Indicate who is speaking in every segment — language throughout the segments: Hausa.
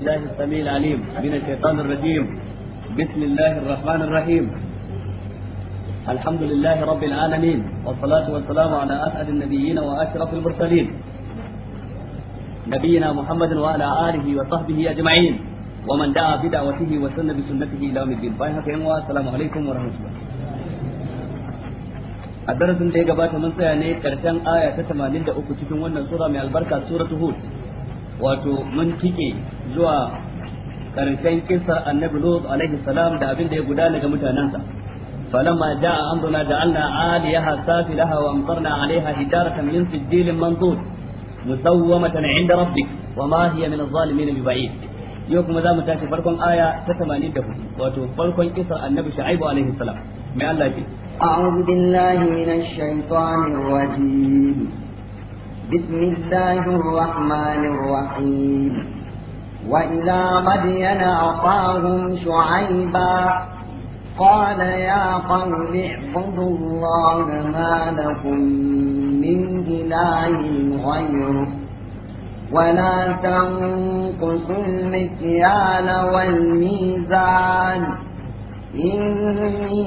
Speaker 1: الله السميع العليم من الشيطان الرجيم بسم الله الرحمن الرحيم الحمد لله رب العالمين والصلاة والسلام على أسعد النبيين وأشرف المرسلين نبينا محمد وعلى آله وصحبه أجمعين ومن دعا بدعوته وسن بسنته إلى يوم الدين السلام عليكم ورحمة الله a darasin da ya gabata mun tsaya ne karshen aya ta 83 cikin wannan sura mai albarka suratul hud wato mun tike zuwa karshen kisar annabi lut alaihi salam da abin da ya gudana ga mutanensa فلما جاء أمرنا جعلنا عاليها سافلها وأمطرنا عليها حجارة من سجيل منضود مسومة عند ربك وما هي من الظالمين ببعيد yau kuma za mu tashi farkon aya ta 84 wato farkon kisar annabi shu'aibu alaihi salam mai Allah ce
Speaker 2: a'udhu billahi minash rahmanir وإلى مدين أخاهم شعيبا قال يا قوم اعبدوا الله ما لكم من إله غيره ولا تنقصوا المكيال والميزان إني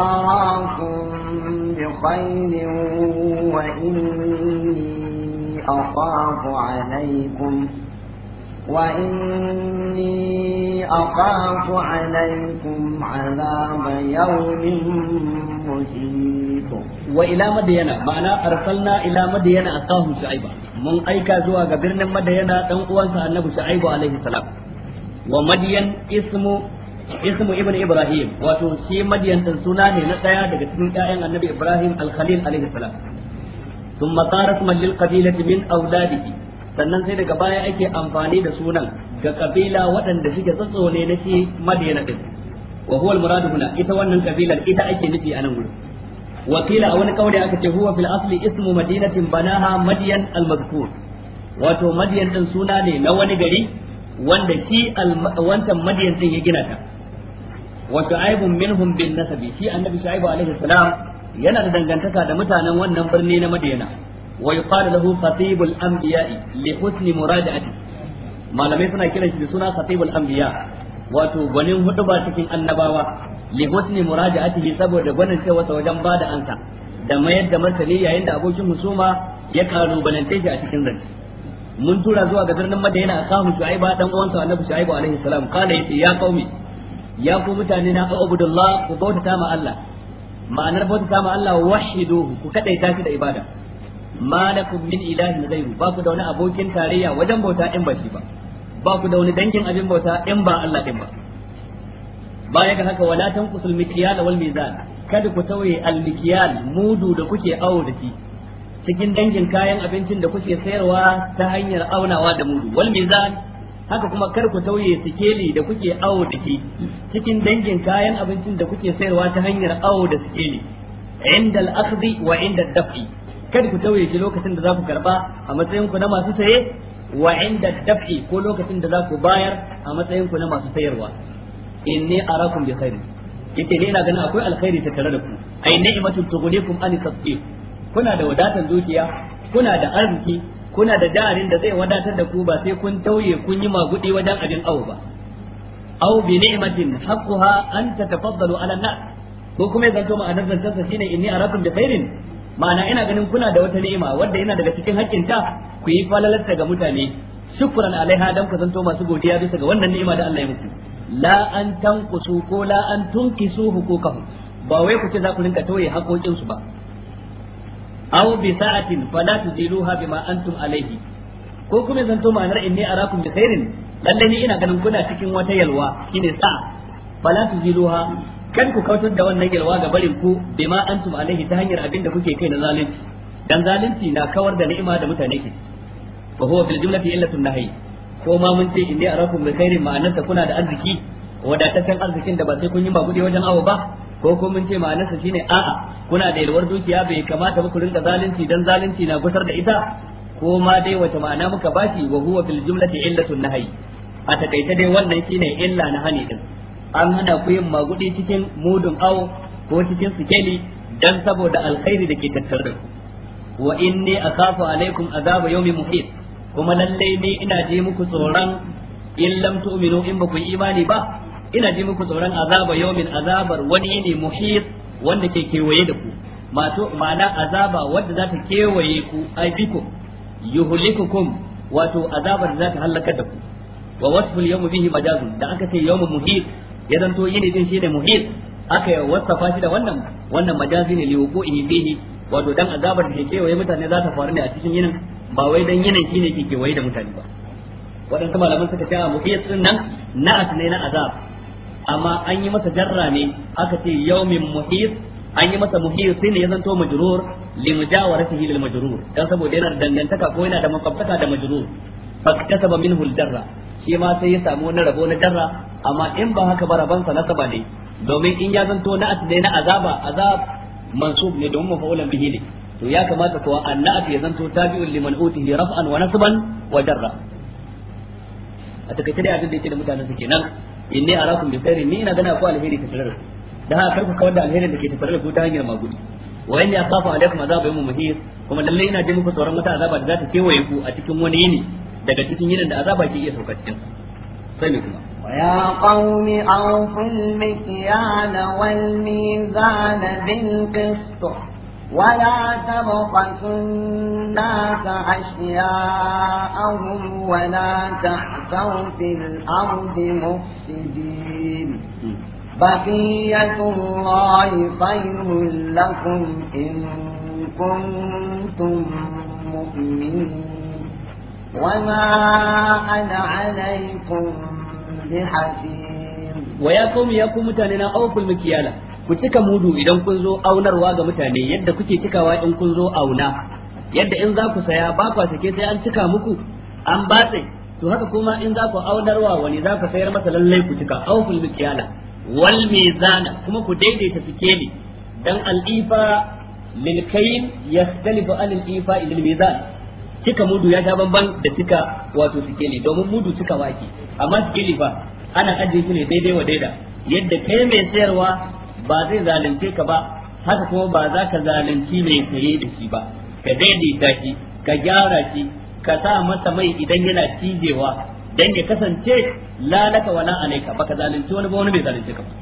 Speaker 2: أراكم بخير وإني أخاف عليكم وإني أخاف عليكم
Speaker 1: عذاب يوم محيط وإلى مدينة معنى أرسلنا إلى مدينة أخاهم شعيبا من أيكا زوا قبرنا مدينة تنقوان النبي شعيب عليه السلام ومدين اسم ismu ibn ibrahim wato shi madiyan din suna ne na daya daga cikin ƴaƴan annabi ibrahim al-khalil alaihi salam thumma min sannan sai daga baya ake amfani da sunan ga kabila waɗanda suke tsatsone na shi madina din wa huwa al huna ita wannan kabilar ita ake nufi a nan gurin wa qila a wani kauli aka ce huwa fil asli ismu madinatin banaha madyan al-madhkur wato madyan din suna ne na wani gari wanda shi wancan madyan din ya gina ta wa shu'aibun minhum bin nasabi shi annabi shu'aibu alaihi salam yana da dangantaka da mutanen wannan birni na madina wa yuqalu lahu khatibul anbiya'i li husni muraja'ati malamai suna kiran shi da suna khatibul anbiya wato gwanin hudu huduba cikin annabawa li husni muraja'atihi saboda gwanin cewa wajen bada ansa da mayar da martani yayin da abokin husuma ya kalubalance shi a cikin zance mun tura zuwa ga birnin madina a kahu shu'aiba dan uwansa annabi shu'aiba alaihi salam kana yace ya qaumi ya ku mutane na ubudullah ku bautata ma Allah ma'anar bautata ma Allah wahiduhu ku kadaita shi da ibada malakum min ilahin ghayru ba ku da wani abokin tarayya wajen bauta in ba shi ba ba ku da wani dangin abin bauta in ba Allah din ba baya ga haka wala tanqusul mikyal wal mizan kada ku tauye al mikyal mudu da kuke awo da shi cikin dangin kayan abincin da kuke sayarwa ta hanyar aunawa da mudu wal mizan haka kuma kar ku tauye sikeli da kuke awo da shi cikin dangin kayan abincin da kuke sayarwa ta hanyar awo da sikeli inda al-akhdhi wa inda dafi kada ku tauye lokacin da za ku karba a matsayin ku na masu saye wa inda daf'i ko lokacin da za ku bayar a matsayin ku na masu sayarwa inni arakum bi khairin yace ne ina ganin akwai alkhairi ta tare da ku ai ni'matul tughlikum an tasbih kuna da wadatar dukiya kuna da arziki kuna da jarin da zai wadatar da ku ba sai kun tauye kun yi magudi wajen abin awo ba aw bi ni'matin haqquha an tatafaddalu ala an-nas ko kuma yanzu ma'anar zancansa shine inni arakum bi khairin ma'ana ina ganin kuna da wata ni'ima wanda yana daga cikin hakkinta ku yi falalarta ga mutane shukran alaiha dan ku zanto masu godiya bisa ga wannan ni'ima da Allah ya muku la an tanqusu ko la an tunkisu hukukahu ba wai ku ce za ku rinka toye haƙoƙin su ba aw bi sa'atin fala tuziluha bima antum alaihi ko kuma zanto ma'anar inni arakum bi khairin lalle ni ina ganin kuna cikin wata yalwa shine sa'a fala tuziluha kan ku kautar da wannan yalwa ga barin ku bima antum alaihi ta hanyar abin da kuke kai na zalunci dan zalunci na kawar da ni'ima da mutane ke fa huwa bil jumlati illatun nahyi ko ma mun ce inni arakum bi khairin ma'anarsa kuna da arziki wadataccen arzikin da ba sai kun yi magudi wajen awo ba ko ko mun ce ma'anarsa shine a'a kuna da yalwar dukiya bai kamata ba ku rinka zalunci dan zalunci na gusar da ita ko ma dai wata ma'ana muka baki wa huwa bil jumlati illatun nahi? a takaice dai wannan shine illa na hani din an hana ku yin magudi cikin mudun au ko cikin sikeli dan saboda alkhairi da ke tattare da ku wa inni akhafu alaikum azab yawmi muhit kuma lalle ne ina ji muku tsoron in lam tu'minu in ba ku imani ba ina ji muku tsoron azab yawmin azabar wani ne muhit wanda ke kewaye da ku mato ma'ana azaba wanda za ta kewaye ku ai bikum yuhlikukum wato azabar da za ta halaka da ku wa wasfu yawmi bihi majazun da aka ce yawmi muhit ya zanto yini din shine muhit aka wasafa shi da wannan wannan majazi ne li wuqu'ihi fihi wato dan azabar da ke kewaye mutane za ta faru ne a cikin yinin ba wai dan yinin shine ke kewaye da mutane ba waɗansu malaman suka ce a muhit din nan na ne na azab amma an yi masa jarra ne aka ce yawmin muhit an yi masa muhir sai ne ya zanto majrur li mujawaratihi lil majrur dan saboda yana da dangantaka ko yana da makwabtaka da majrur fa kasaba minhu al darra shi ma sai ya samu wani rabo na jarra. amma in ba haka ba rabansa nasaba ne domin in ya zanto na ne na azaba azab mansub ne domin mafa'ulan bihi ne to ya kamata kuwa annat ya zanto tabi'un liman utihi raf'an wa nasban wa darra a takaice dai abin da yake da mutanen su kenan inni arakum bi khairin ni ina gana ku alheri ta tare da haka karku kawar da alherin da ke ta da ku ta hanyar magudi wa inni akhafu alaikum azaba yawmin muhit kuma lalle ina ji muku tsoron wata azaba da za ta kewaye ku a cikin wani yini daga cikin yinin da azaba ke iya saukar cikin sai ne kuma ويا
Speaker 2: قوم أوفوا المكيال والميزان بالقسط ولا تبخسوا الناس أشياءهم ولا تحسوا في الأرض مفسدين بقية الله خير لكم إن
Speaker 1: كنتم مؤمنين
Speaker 2: وما أنا عليكم
Speaker 1: Waya komi ya ku mutane na أوفوا mukiyala ku cika mudu idan kun zo aunarwa ga mutane yadda kuke cikawa in kun zo auna yadda in za ku saya ba ku sake sai an cika muku an batse to haka kuma in za ku aunarwa wani za ku sayar masa lallai ku cika auful mukiyala wal mizana kuma ku daidaita sikeli dan al-ifa lil kayn yastalifu an al-ifa mizan cika mudu ya sha bamban da cika wato sikeli domin mudu cika wake amma sikeli fa ana ajiye shi ne daidai wa daida yadda kai mai sayarwa ba zai zalunce ka ba haka kuma ba za ka zalunci mai saye da shi ba ka daidaita shi ka gyara shi ka sa masa mai idan yana cijewa dan ya kasance lalaka wala alaika baka zalunci wani ba wani bai zalunce ka ba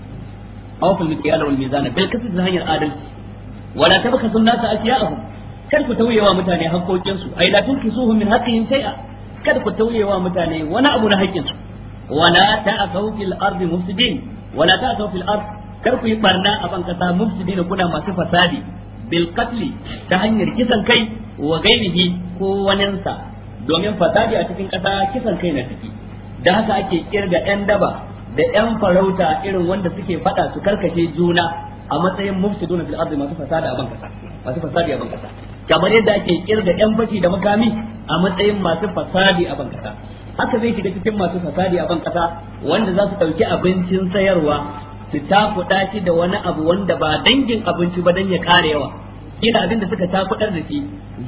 Speaker 1: awful mikyala wal mizana bil kasb hanyar adalci wala tabaka sunnata nasa asya'ahum kar ku tauyewa mutane haƙoƙinsu ai la tunkisuhum min haqqihim shay'a kar ku tauyewa mutane wani abu na haƙƙinsu wala ta'thaw fil ardi mufsidin wala ta'thaw fil ard kar ku yi barna a ban kasa mufsidin kuna masu fasadi bil ta hanyar kisan kai wa gairihi ko waninsa domin fasadi a cikin kasa kisan kai na ciki da haka ake kirga yan daba da yan farauta irin wanda suke fada su karkashe juna a matsayin mufsidun fil ardi masu fasada a ban kasa masu fasadi a ban kasa kamar yadda ake kirga yan baki da makami a matsayin masu fasadi a bankasa haka zai shiga cikin masu fasadi a bankasa wanda za su ɗauki abincin sayarwa su takuɗa shi da wani abu wanda ba dangin abinci ba dan ya kare yawa kila abin da suka takuɗar da shi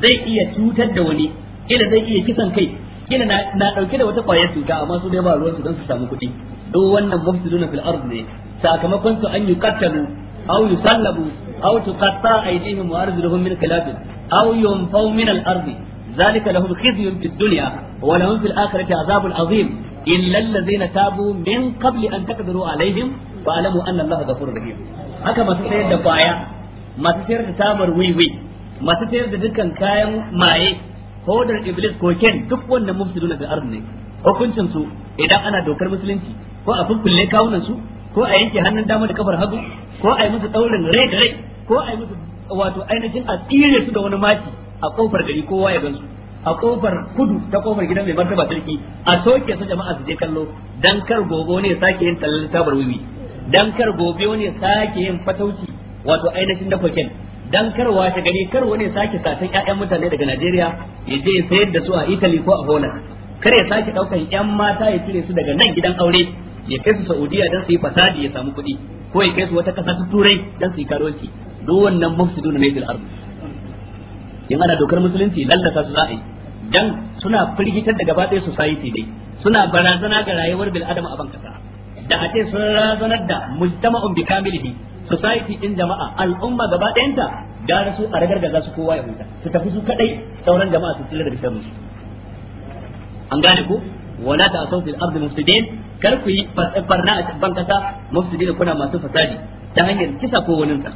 Speaker 1: zai iya cutar da wani kila zai iya kisan kai kila na ɗauke da wata ƙwayar cuta amma su dai ba ruwan su don su samu kuɗi duk wannan mufsiduna fil ard ne sakamakon su an yuqattalu aw yusallabu aw tuqatta aydihim wa arjuluhum min khilaf aw yunfaw min al-ardi ذلك لهم خزي في الدنيا ولهم في الآخرة عذاب عظيم إلا الذين تابوا من قبل أن تقدروا عليهم فاعلموا أن الله غفور رحيم haka masu sayar da kwaya masu sayar da tabar wiwi masu sayar da dukkan kayan maye hodar iblis ko ken duk wannan mufsiduna fil ardi ne hukuncin su idan ana dokar musulunci ko a fukkulle kawunan su ko a yanke hannun dama da kafar hagu ko a yi musu daurin rai da rai ko a yi musu wato ainihin a tsire su da wani maki a kofar gari kowa ya gansu a kofar kudu ta kofar gidan mai martaba sarki a soke su jama'a su je kallo dan kar gobe ne sake yin tallan tabar wiwi dan kar gobe ne sake yin fatauci wato ainihin da koken dan kar washe gari kar wani sake satan ƴaƴan mutane daga Najeriya ya je sayar da su a Italy ko a Holland kar ya sake daukan ƴan mata ya cire su daga nan gidan aure ya kai su Saudiya dan su yi fasadi ya samu kuɗi ko ya kai su wata kasa ta turai dan su yi karuwanci duk wannan mufsiduna na fil ardh in ana dokar musulunci lallata su za yi dan suna firgitar da gaba ɗaya society dai suna barazana ga rayuwar bil adam a ban da a ce sun razanar da mujtama'un bi kamilihi society din jama'a al'umma gaba ɗayanta da su a ragargaza su kowa ya huta su tafi su kadai sauran jama'a su tsira bisa musu. an gane ko wala ta'asaw fil ardi mufsidin kar ku yi barna a ban kasa mufsidin kuna masu fasadi ta hanyar kisa ko wani sa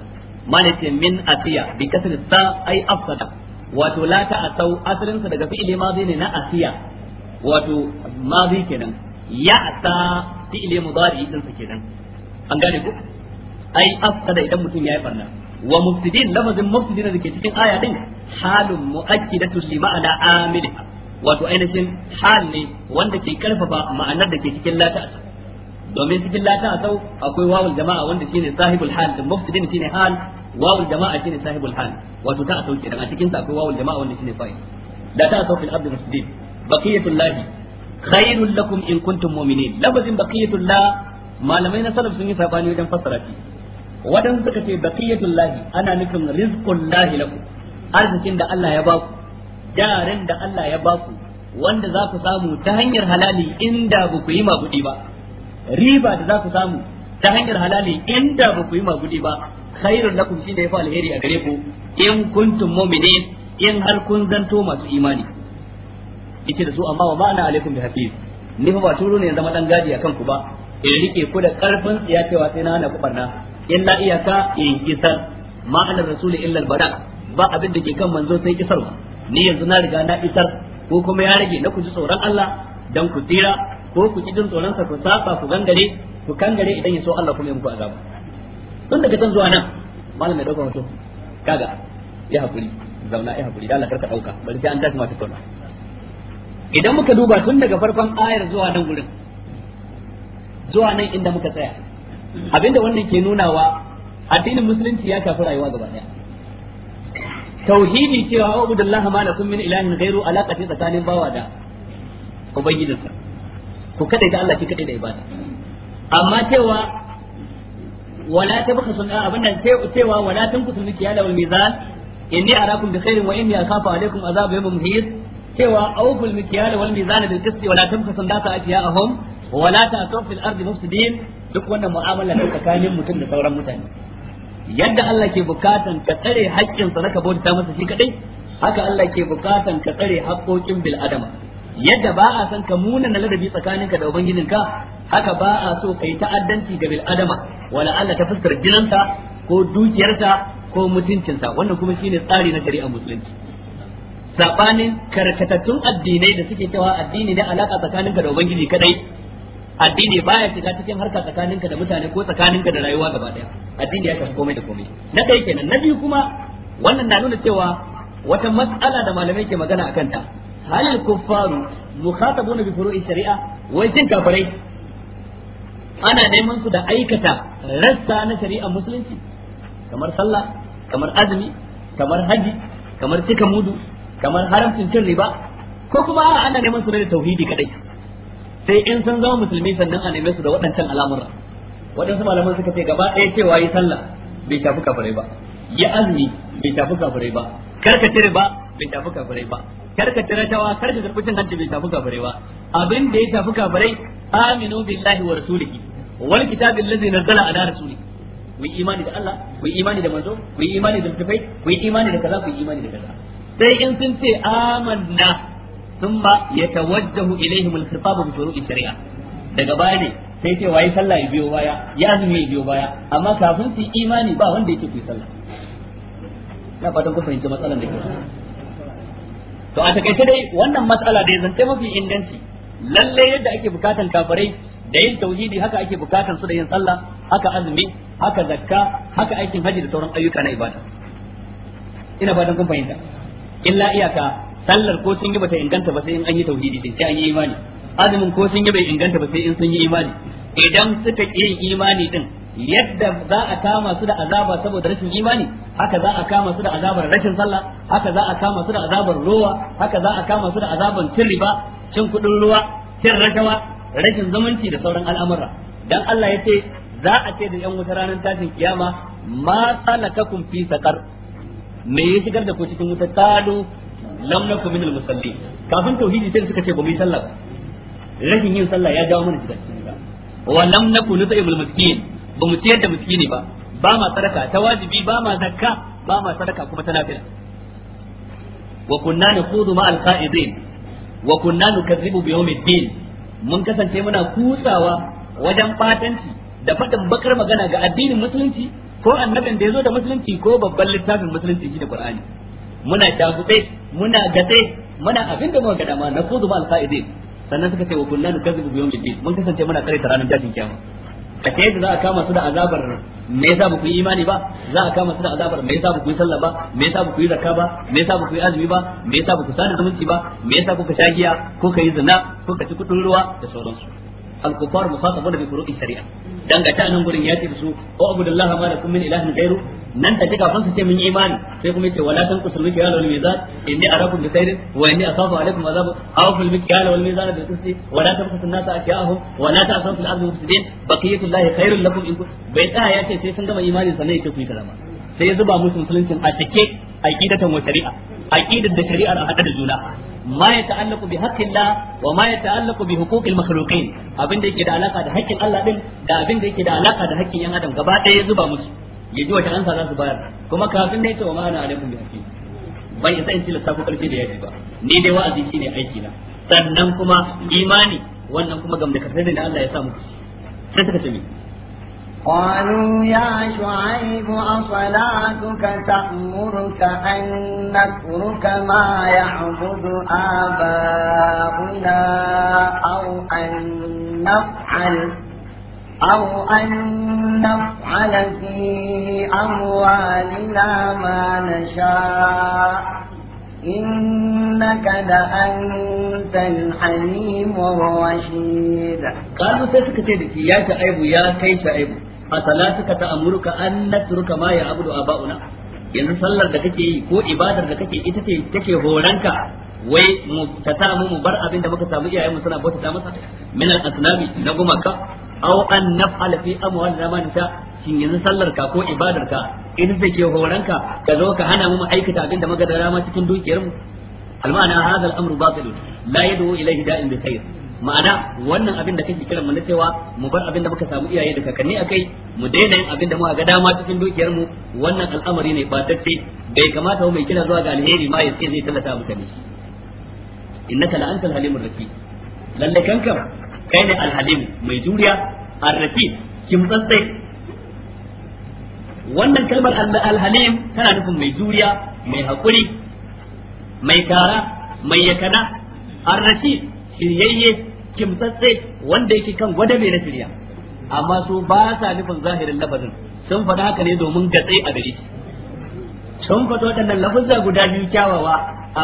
Speaker 1: malaka min asiya bi kasr sa ai afsada wato la ta'asaw asalin sa daga fi'li madi ne na asiya wato madi kenan ya'sa fi'li mudari din sa kenan an gane ku ai afsada idan mutum yayi barna wa mufsidin lafazin mufsidin da ke cikin aya din halun mu'akkidatun li ma'ana wato ainihin hal ne wanda ke karfafa ma'anar da ke cikin lata domin cikin lata asau akwai wawul jama'a wanda shine sahibul hal da mufsidin shine hal wawul jama'a shine sahibul hal wato ta asau kenan a cikin sa akwai wawul jama'a wanda shine fa'il da ta asau fil abdi musdid baqiyatul lahi khairul lakum in kuntum mu'minin labazin baqiyatul la malamai na salaf sun yi sabani wajen fassara shi wadan suka ce baqiyatul lahi ana nufin rizqul lahi lakum arzikin da Allah ya baku Darin da Allah ya ba ku wanda za ku samu ta hanyar halali inda ba ku yi magudi ba riba da za ku samu ta hanyar halali inda ba ku yi magudi ba khairun lakum ya fi alheri a gare ku in kuntum mu'minin in har kun zanto masu imani yace da su amma wa ma'ana alaikum bi hafiz ni fa ba turo ne zama dan gadi akan ku ba in rike ku da karfin tsiya cewa sai na hana ku barna in iyaka in kisar ma'anar rasuli illa bara ba abin da ke kan manzo sai kisar ba. ni yanzu na riga na isar ko kuma ya rage na ku ji tsoron Allah dan ku tsira ko ku ji jin tsoron sa ku saba ku gangare ku kangare idan ya so Allah kuma ya muku azaba tun daga can zuwa nan malam mai dauka hoto kaga ya hakuri zauna ya hakuri da Allah karka dauka bari sai an tashi ma tsoro idan muka duba tun daga farkon ayar zuwa nan gurin zuwa nan inda muka tsaya abinda wannan ke nunawa addinin musulunci ya tafi rayuwa gaba daya tauhidi cewa wa abudullahi ma lakum min ilahin ghairu alaka ce tsakanin bawa da ubangijinsa ku kadai da Allah ki kadai da ibada amma cewa wala tabqa sunna abinda cewa wala tanqutul mikyala wal mizan inni arakum bi khairin wa inni akhafu alaykum azab yawmin muhit cewa awful mikyala wal mizan bil qisti wala tabqa sunna atiyahum wala ta'tu fil ardi mufsidin duk wannan mu'amala ta tsakanin mutum da sauran mutane yadda Allah ke bukatan ka tsare haƙƙinsa na ka bauta masa shi kaɗai, haka Allah ke bukatan ka tsare haƙƙoƙin bil adama yadda ba a san ka munana ladabi tsakaninka da ka, haka ba a so ka yi ta'addanci ga bil adama wala Allah ta fuskar ko dukiyarta, ko mutuncinsa wannan kuma shine tsari na shari'ar musulunci sabanin karkatattun addinai da suke cewa addini ne alaka tsakaninka da ubangiji kadai addini baya shiga cikin harka tsakaninka da mutane ko tsakaninka da rayuwa gaba daya addini ya kasu komai da komai na ɗaya kenan na biyu kuma wannan na nuna cewa wata mas'ala da malamai ke magana akan ta hal kuffaru mukhatabuna bi furu'i shari'a wai shin kafirai ana neman su da aikata rassa na shari'ar musulunci kamar sallah kamar azumi kamar haji kamar cika mudu kamar haramcin cin riba ko kuma ana neman su da tauhidi kadai sai in sun zama musulmi sannan a neme su da waɗancan al'amura waɗansu malaman suka ce gaba ɗaya cewa yi sallah bai tafi kafirai ba yi azumi bai tafi kafirai ba karka cire ba bai tafi kafirai ba karka cire tawa karka karɓi cin hajji bai tafi kafirai ba abin da ya tafi kafirai aminu billahi wa rasulihi wal kitabil ladzi nazzala ala rasuli ku yi imani da Allah ku yi imani da manzo ku yi imani da tafai ku yi imani da kaza ku yi imani da kaza sai in sun ce amanna ثم يتوجه اليهم الخطاب khitab الشريعه shari'a daga baya ne sai ce wayi sallah ya biyo baya ya zumi ya biyo baya amma kafin su imani ba wanda yake kuyi sallah na fatan ku fahimci matsalar da ke to a takaice dai wannan matsala da zance mafi inganci lalle yadda ake bukatan kafirai da yin tauhidi haka ake bukatan su da yin sallah haka azumi haka zakka haka aikin haji da sauran ayyuka na ibada ina fatan ku fahimta illa iyaka sallar ko sun yi bata inganta ba sai in an yi tauhidi din sai an yi imani azumin ko sun yi bai inganta ba sai in sun yi imani idan suka yi imani din yadda za a kama su da azaba saboda rashin imani haka za a kama su da azabar rashin sallah haka za a kama su da azabar ruwa haka za a kama su da azabar cin riba cin kudin ruwa cin rashawa rashin zumunci da sauran al'amura dan Allah yace za a ce da yan wuta ranar tashin kiyama ma salakakum fi saqar me ya shigar da ku cikin wuta tado. lam nakum minal musallin kafin tauhidi sai suka ce ba mu yi sallah rashin yin sallah ya jawo mana cikin ba wa lam nakum nut'imul miskin ba mu ciyar da miskini ba ba ma sadaka ta wajibi ba ma zakka ba ma sadaka kuma ta nafila wa kunna nakhudu ma al-qa'idin wa kunna nukazzibu bi yawmiddin mun kasance muna kusawa wajen fatanci da faɗin bakar magana ga addinin musulunci ko annabin da ya zo da musulunci ko babban littafin musulunci shi da qur'ani muna shagube muna gatse muna abin da muka ga ma na kudu ma alqaidin sannan suka ce wa kullu nukazzibu biyawmid din mun kasance muna kare ranar jajin kiyama a ce za a kama su da azabar me yasa ba ku yi imani ba za a kama su da azabar me yasa ba ku yi sallah ba me yasa ba ku yi zakka ba me yasa ba ku yi azumi ba me yasa ba ku sada zumunci ba me yasa kuka sha giya kuka yi zina kuka ci kudin ruwa da sauransu al-kufar musatabuna bi furu'i shari'a dan ga ta nan gurin ya ce su o abudullahi ma lakum min ilahin ghairu nan take kafin su ce mun yi imani sai kuma yace wala tanqusul mikyala wal mizan inni arakum bisayrin wa inni akhafu alaykum azab awful mikyala wal mizan bil qisti wa la tabqasu an-nasa akyahum wa la ta'asu fil ardi mufsidin baqiyatullahi khairul lakum in bai tsaya yace sai sun gama imani sannan yace ku yi kalama sai ya zuba musu musuluncin a cike aqidatan wa shari'a aqidar da shari'ar a hada da juna ma ya ta'allaku bi haqqillah wa ma ya ta'allaku bi huquqil makhluqin abinda yake da alaka da haƙƙin Allah din da abinda yake da alaka da haƙƙin yan adam gaba ɗaya zuba ya ji wata ansa za su bayar kuma kafin ce wa ma'ana alaikum bi hakim ban isa in tilasta ko karfi da yaji ba ni dai wa'azi shine aiki na sannan kuma imani wannan kuma gam da kasarin da Allah ya sa muku sai suka ce قالوا
Speaker 2: يا شعيب أصلاتك تأمرك أن نترك ما يعبد آباؤنا أو أن نفعل أو أن نفعل في أموالنا ما نشاء إنك لأنت الحليم الرشيد
Speaker 1: قالوا سيسك تيدك يا شعيب يا كي شعيب أصلاتك تأمرك أن نترك ما يعبد أباؤنا yanzu sallar da kake yi ko ibadar da kake ita ce take horanka wai mu ta samu mu bar abin da muka samu iyayenmu suna bauta masa min al-asnami na gumaka aw an naf'ala fi amwalina ma shin yanzu sallar ka ko ibadar ka in da ke horon ka ka zo ka hana mu aikata abinda muka da dama cikin dukiyar mu almana hadha al-amru batil la yad'u ilayhi da'in bi khair ma'ana wannan abin da kake kiran mu na cewa mu bar abin da muka samu iyaye da kakanni akai mu daina yin abin da muka ga dama cikin dukiyar mu wannan al'amari ne ba tacce bai kamata mai kira zuwa ga alheri ma ya ce zai tallata maka ne innaka la antal raki rashid lalle kankam kai ne alhalim mai juriya ar-rafi wannan kalmar al-halim tana nufin mai juriya mai hakuri mai kara mai yakana ar-rafi shiryayye kimtsatse wanda yake kan gwada mai na shirya amma su ba sa nufin zahirin lafazin sun faɗa haka ne domin gatsai a gari sun faɗa waɗannan lafuzza guda biyu kyawawa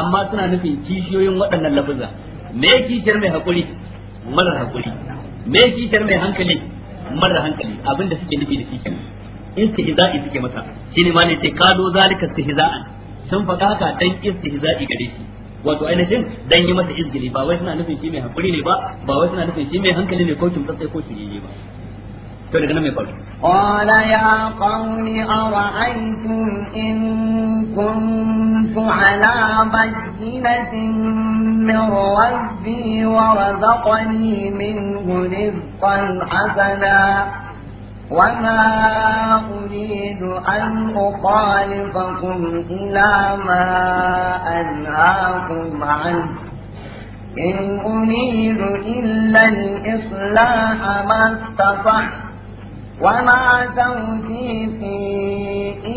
Speaker 1: amma suna nufin kishiyoyin waɗannan lafuzza mai kishiyar mai hakuri marar hakuri me kishar mai hankali mara hankali abinda suke nufi da kishar istihza'i suke masa shi ma ne sai kado zalika istihza'an sun faɗa haka dan istihza'i gare shi wato ainihin dan yi masa izgili ba wai suna nufin shi mai hankali ne ba ba wai suna nufin shi mai hankali ne ko kimtsatsai ko shirye ba to daga nan mai faru قال
Speaker 2: يا قوم أرأيتم إن كنت على بينة من ربي ورزقني منه رزقا حسنا وما أريد أن أخالفكم إلى ما أنهاكم عنه إن أريد إلا الإصلاح ما استطعت وما توفيقي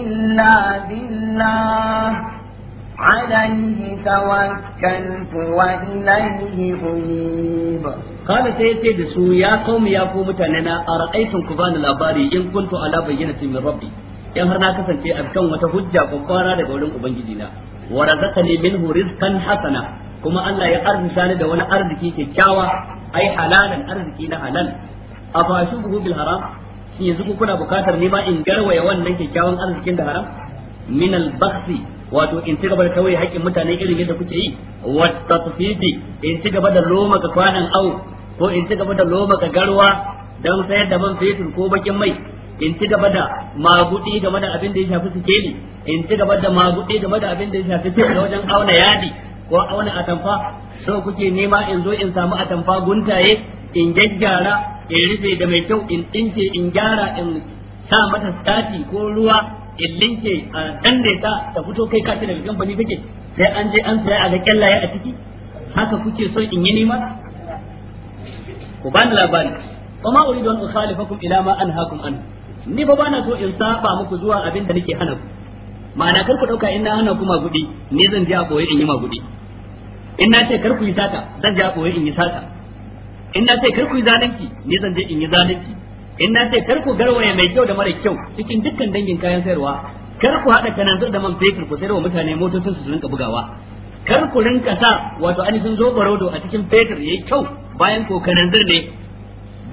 Speaker 2: إلا بالله عليه
Speaker 1: توكلت وإليه أنيب قال سيتي دسو يا قوم يا قوم تننا أرأيتم كبان الأباري إن كنت على بينة من ربي in har na kasance a kan wata hujja ko kwara daga wurin ubangiji na wa razaqani minhu rizqan hasana kuma Allah ya arzuta ni da wani arziki kyakkyawa ai halalan arziki na halal afashuhu bil haram yanzu ku kuna bukatar ne ma in garwaya wannan kyakkyawan arzikin da haram min al wato in ci gaba da tawaye haƙƙin mutane irin yadda kuke yi wa tasfidi in ci gaba da loma ka kwanan au ko in ci gaba da loma ka garwa dan sayar da man fetur ko bakin mai in ci gaba da magudi game da abin da ya shafi sikeli in ci gaba da magudi game da abin da ya shafi sikeli wajen auna yadi ko auna atamfa so kuke nema in zo in samu atamfa guntaye in gyaggyara in rufe da mai kyau in dinke in gyara in sa mata sati ko ruwa in linke a dandaita ta fito kai ka daga kamfani take sai an je an saya a ga kyallaye a ciki haka kuke so in yi nima ku bani labari wa ma uridu an ukhalifakum ila ma anhaakum an ni ba bana so in saba muku zuwa abin da nake hana ku ma'ana kar ku dauka in na hana ku ma gudi ni zan je a boye in yi ma gudi in na ce kar ku yi sata zan je a boye in yi sata in na sai kar zalunci ni zan je in yi zalunci in na sai kar ku garwaye mai kyau da mara kyau cikin dukkan dangin kayan sayarwa kar ku haɗa kananzir da man fetur ku sayar wa mutane motocin su rinka bugawa kar ku rinka sa wato ainihin zo barodo a cikin fetur yayi kyau bayan ko kananzir ne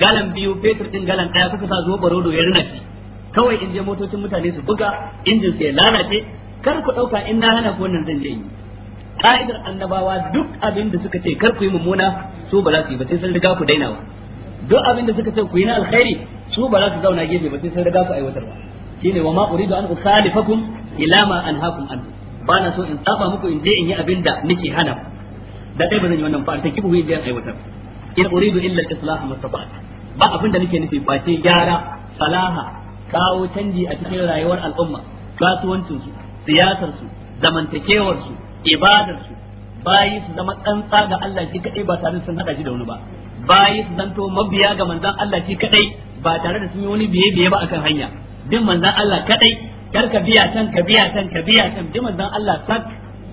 Speaker 1: galan biyu fetur din galan ɗaya kuka sa zo barodo ya rina shi kawai in je motocin mutane su buga injin su ya lalace kar ku ɗauka in na hana ko wannan zan je yi ka'idar annabawa duk abin da suka ce kar ku yi mummuna su ba za su yi ba sai sun riga ku dainawa duk abin da suka ce ku yi na alkhairi su ba za su zauna gefe ba sai sun riga ku shine wa ma uridu an ila ma anhaakum an ba na so in saba muku in je in yi abin da nake hana da dai ba zan yi wannan ba ta kibu in je aiwatar in uridu illa al-islah ba abin da nake nufi face gyara salaha kawo canji a cikin rayuwar al'umma kasuwancinsu siyasarsu zamantakewarsu Ibadarsu su bayi su zama tsantsa ga Allah shi kadai ba tare da sun hada shi da wani ba bayi su zanto mabiya ga manzon Allah shi kadai ba tare da sun yi wani biye biye ba akan hanya din manzon Allah kadai kar ka biya can ka biya can ka biya can din manzon Allah sak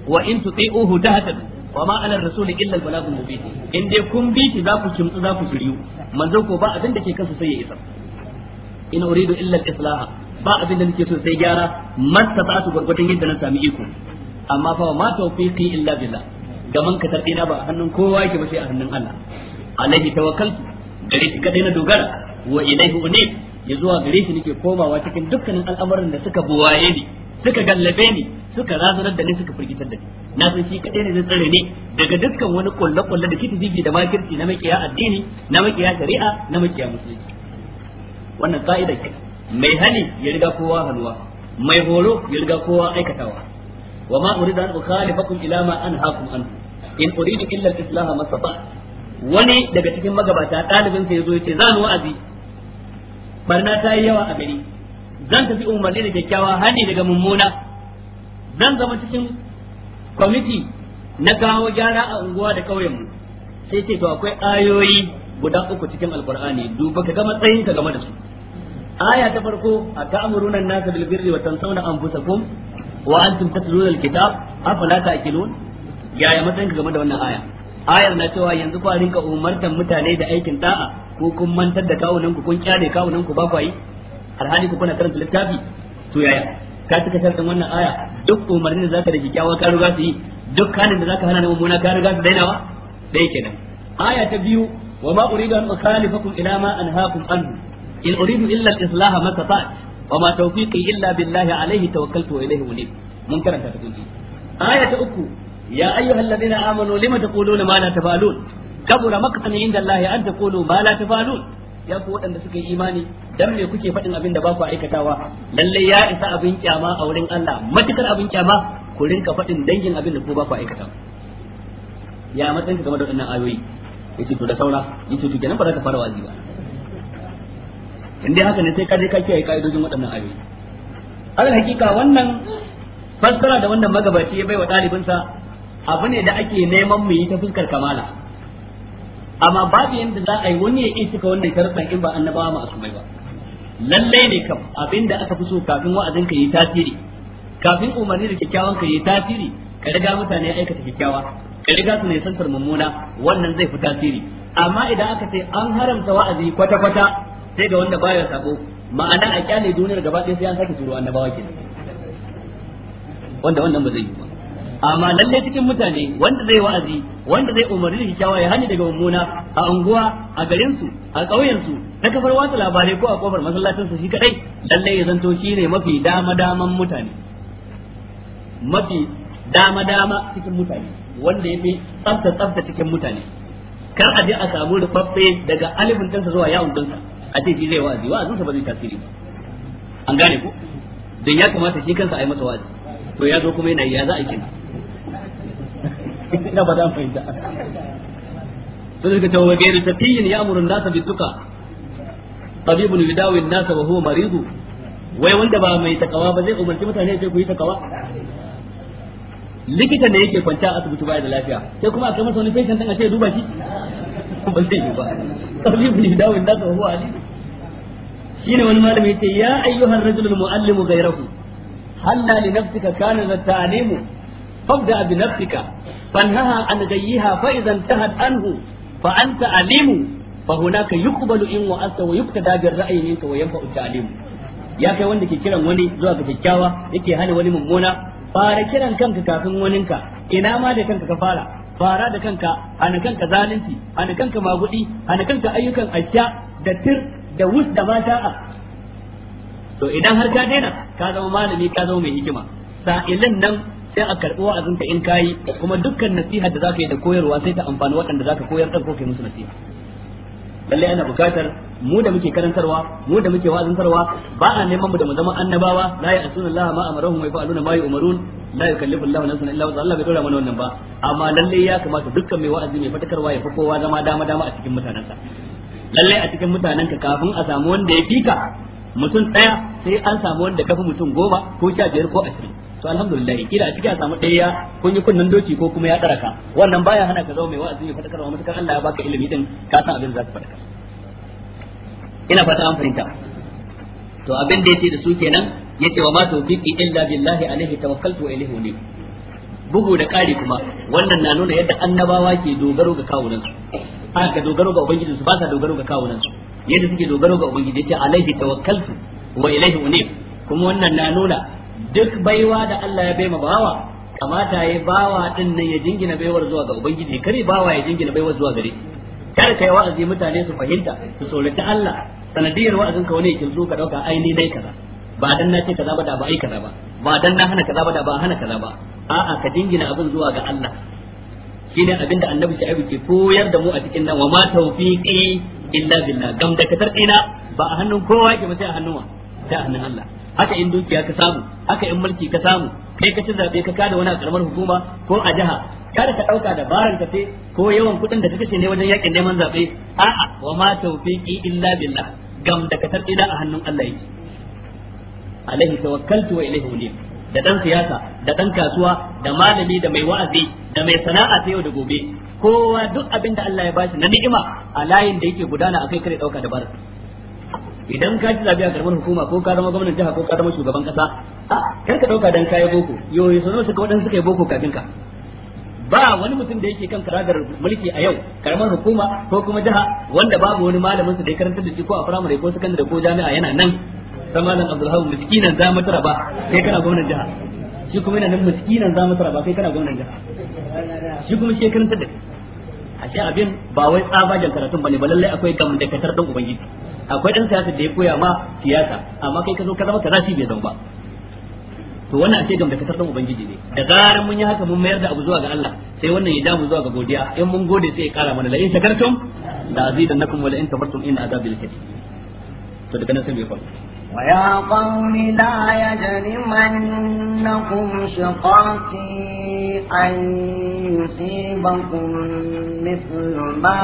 Speaker 1: wa in tuti'uhu tahtadu wa ma ala rasul illa al-balagh mubin in dai kun bi ki za ku kimtsu za ku shiryu manzo ko ba abin da ke kansa sai ya isa in uridu illa al-islah ba abin da nake so sai gyara mastata'atu gurgurdan yadda na sami iko amma fa ma tawfiqi illa billah man ka na ba hannun kowa yake ba sai a hannun Allah alaihi tawakkaltu gare shi kadai na dogara wa ilaihi unib ya zuwa gare shi nake komawa cikin dukkanin al'amuran da suka buwaye ni suka gallabe ni suka razanar da ni suka firgitar da ni na san shi kadai ne zai tsare ni daga dukkan wani kullakulla da kike jigi da makirci na makiya addini na makiya shari'a na makiya musulunci wannan ka'ida ke mai hali ya riga kowa halwa mai horo ya riga kowa aikatawa وما أريد أن أخالفكم إلى ما أنهاكم عنه إن أريد إلا الإصلاح ما استطعت wani daga cikin magabata ɗalibin sai ya zo ya ce zan wa'azi barna ta yi yawa a gari zan tafi umarni da kyakkyawa hani daga mummuna zan zama cikin kwamiti na kawo gyara a unguwa da ƙauyenmu sai ce to akwai ayoyi guda uku cikin alkur'ani duba ka ga matsayinka game da su aya ta farko a ta'muruna an-nasa bil birri wa tansawna anfusakum wa antum tatluna alkitab afala ta'qilun ya matsayin game da wannan aya ayar na cewa yanzu ku rinka umartan mutane da aikin da'a ko kun mantar da kawunan ku kun kyale kawunan ku ba ku yi alhali ku kuna karanta littafi to yaya ka cika shartan wannan aya duk umarnin da zaka da kyakkyawa ka riga su yi duk kanin da zaka hana na mummuna ka riga su dainawa dai kenan aya ta biyu wa ma uridu an ukhalifakum ila ma anhaakum anhu in uridu illa al-islaha ma wa ma tawfiqi illa billahi alaihi tawakkaltu wa ilaihi unib mun karanta ta kunji aya ta uku ya ayyuhalladhina amanu lima taquluna ma la tafalun kabura maqtan inda allahi an taqulu ma la tafalun ya ku waɗanda suka yi imani dan me kuke faɗin abin da ba ku aikatawa lalle ya isa abin kyama a wurin Allah matukar abin kyama ku rinka faɗin dangin abin da ku ba ku aikatawa ya matsayin game da waɗannan ayoyi yace to da saura yace to kenan ba za ka fara wazi ba in dai haka ne sai ka je ka kiyaye ka'idojin waɗannan ayoyi alal hakika wannan fassara da wannan magabaci ya bai wa ɗalibinsa abu ne da ake neman mu yi ta fuskar kamala amma babu yadda za a yi wani ya iya cika wannan sharuɗan in ba annabawa masu mai ba lallai ne kam abin da aka fi so kafin wa'azin ka yi tasiri kafin umarni da kyakkyawan ka yi tasiri ka riga mutane aikata kyakkyawa ka riga su ne santar mummuna wannan zai fi tasiri amma idan aka ce an haramta wa'azi kwata-kwata sai ga wanda baya sabo ma'ana a kyale duniyar gaba ɗaya sai an sake turo annabawa ke wanda wannan ba zai yi ba amma lalle cikin mutane wanda zai wa'azi wanda zai umarni da kyakkyawa ya hani daga mummuna a unguwa a garin su a ƙauyen su na kafar watsa labarai ko a kofar masallacin su shi kadai lalle ya zanto ne mafi dama daman mutane mafi dama dama cikin mutane wanda ya fi tsafta tsafta cikin mutane kar a je a samu rubabbe daga alifin ɗinsa zuwa yawon ɗinsa a ce shi zai wa'azi wa'azin sa ba zai tasiri ba an gane ku? dan ya kamata shi kansa a yi masa wa'azi to ya zo kuma yana ya za a kina ina ba da fahimta
Speaker 3: sai
Speaker 1: suka ta wa gairu tafiyin ya'muru an-nasa bituka tabibun yudawi an-nasa wa huwa maridu wai wanda ba mai takawa ba zai umarci mutane sai ku yi takawa likita ne yake kwanta a asibiti baya da lafiya sai kuma a kai masa wani patient din a ce duba shi ba zai yi ba tabibun yudawi nasa wa huwa alidu shine wani malami yace ya ayyuhar rajulul muallimu ghayrahu halla li nafsika kana za fabda bi nafsika fannaha an ghayyiha fa idan tahad anhu fa anta alimu fa hunaka yuqbalu in wa asa wa yuktada bi ra'yi minka wa yanfa'u ta'limu ya kai wanda ke kiran wani zuwa ga kyakkyawa yake hana wani mummuna fara kiran kanka kafin waninka ina ma da kanka ka fara fara da kanka hana kanka zalunci ana kanka maguɗi, ana kanka ayyukan asya da tir da wus da ma a to idan har ka daina ka zama malami ka zama mai hikima sa'ilin nan sai a karɓi wa'azinka in kayi kuma dukkan nasiha da zaka yi da koyarwa sai ta amfani waɗanda zaka koyar ɗan ko kai musu nasiha lallai ana bukatar mu da muke karantarwa mu da muke wa'azantarwa ba a neman mu da mu zama annabawa la ya'suna Allah ma amaruhum wa yaf'aluna ma yu'marun la yukallifu Allahu nafsan illa wusaha Allah bai dora mana wannan ba amma lallai ya kamata dukkan mai wa'azi mai fatakarwa ya fi kowa zama dama dama a cikin mutanensa lallai a cikin mutanen ka kafin a samu wanda ya fika mutum daya sai an samu wanda kafi mutum goma ko sha biyar ko ashirin to alhamdulillah kila a cikin a samu daya kun yi kunnan doki ko kuma ya tsara wannan baya hana ka zama mai wa'azi ya fadakarwa mutakar Allah ya baka ilimi din ka san abin da zaka fadakar ina fata an fahimta to abin da yake da su kenan yace wa ma tawfiqi illa billahi alaihi tawakkaltu wa ilaihi unib bugu da ƙari kuma wannan na nuna yadda annabawa ke dogaro ga kawunan aka dogaro ga ubangiji su ba sa dogaro ga kawunan su yadda suke dogaro ga ubangiji yace alaihi tawakkaltu wa ilaihi unib kuma wannan na nuna duk baiwa da Allah ya baima bawa kamata ya bawa din nan ya jingina baiwar zuwa ga ubangiji kare bawa ya jingina baiwar zuwa gare kar kai wa'azi mutane su fahimta su saurari Allah sanadiyar wa'azin ka wani yake zo ka dauka aini dai kaza ba dan na ce kaza ba da ba ai kaza ba ba dan na hana kaza ba da ba hana kaza ba a'a ka jingina abin zuwa ga Allah shine da annabi shaibu ke koyar da mu a cikin nan wa ma tawfiqi illa billah gam da katar dina ba a hannun kowa ke ba sai a hannun wa sai a hannun Allah haka in dukiya ka samu haka in mulki ka samu kai ka ci zabe ka kada wani a karamar hukuma ko a jaha kada ka dauka dabaran ka ce ko yawan kudin da kake ne wajen yakin neman zabe a'a wa ma tawfiqi illa billah gam da katar dina a hannun Allah yake alaihi tawakkaltu wa ilaihi unib da dan siyasa da dan kasuwa da malami da mai wa'azi da mai sana'a ta yau da gobe kowa duk abin da Allah ya bashi na ni'ima a layin da yake gudana akai kare dauka da bar idan ka ci zabi a karamar hukuma ko ka zama gwamnatin jiha ko ka zama shugaban kasa kar ka dauka dan kai boko yo yi sono suka wadan suka yi boko kafin ka ba wani mutum da yake kan karagar mulki a yau karamar hukuma ko kuma jiha wanda babu wani malamin su da ya karanta da shi ko a firamare ko sakandare ko jami'a yana nan ta malam abdulhawu miskinan za mata ba kai kana gwamnan jiha shi kuma yana nan miskinan za mata ba kai kana gwamnan jiha shi kuma shi karanta da shi abin ba wai tsabagen karatun bane ba lallai akwai gam da katar dan ubangiji akwai dan siyasa da ya koya ma siyasa amma kai ka zo ka zama ka shi bai zan ba to wannan ashe gam da katar dan ubangiji ne da zaran mun yi haka mun mayar da abu zuwa ga Allah sai wannan ya damu zuwa ga godiya in mun gode sai ya kara mana la'in shakartum da azidannakum wa la'in in kafartum in azabil kadim to daga nan sai bai faru
Speaker 2: ويا قوم لا يجرمنكم شقاقي أن يصيبكم مثل ما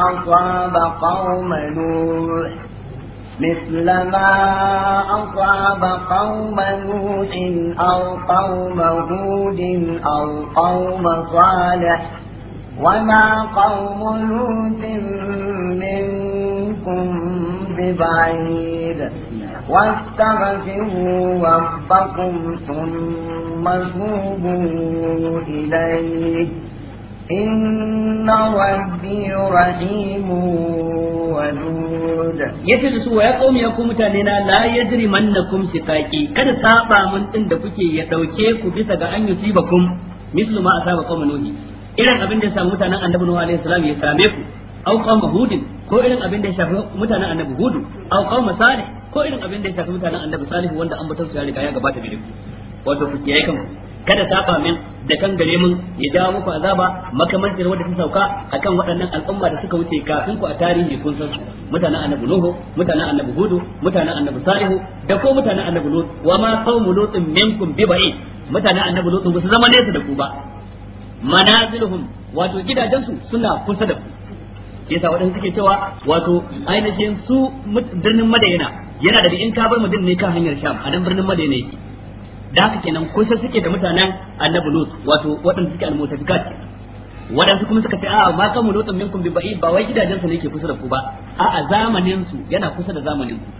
Speaker 2: أصاب قوم نوح مثل ما أصاب قوم نوح أو قوم هود أو قوم صالح وما قوم لوط منكم ببعيد واستغفروا ربكم ثم توبوا إليه إن ربي رحيم
Speaker 1: ودود yace da su wa ya kaumi ya ku mutane na la yajri mannakum shiqaqi kada saba mun din da kuke ya ɗauke ku bisa ga an yusibakum mislu ma asaba qaumun nuhi irin abin ya samu mutanen annabi nuhu alaihi salam ya same ku au qaum hudin ko irin abin ya shafi mutanen annabi hudu au qaum salih ko irin abin da ya shafi mutanen annabi salihu wanda an batar su ya riga ya gabata gare ku wato ku kiyaye kanku kada saba min da kan gare mun ya jawo muku azaba makamancin wanda ta sauka akan waɗannan al'umma da suka wuce kafin ku a tarihi kun san su mutanen annabi nuhu mutanen annabi hudu mutanen annabi salihu da ko mutanen annabi lut wa ma qaumu lutin minkum bi ba'i mutanen annabi lut ba su zama nesa da ku ba manaziluhum wato gidajensu suna kusa da ku yasa waɗanda suke cewa wato ainihin su birnin madayana yana da in ka bar Madina ne kan hanyar Sham a nan birnin Madina yake da haka kenan kusa suke da mutanen Annabi Lut wato waɗanda suke al-mutafikat waɗansu kuma suka ce a ma kan min minkum bi ba'i ba wai gidajen sa ne ke kusa da ku ba a'a zamanin su yana kusa da zamanin ku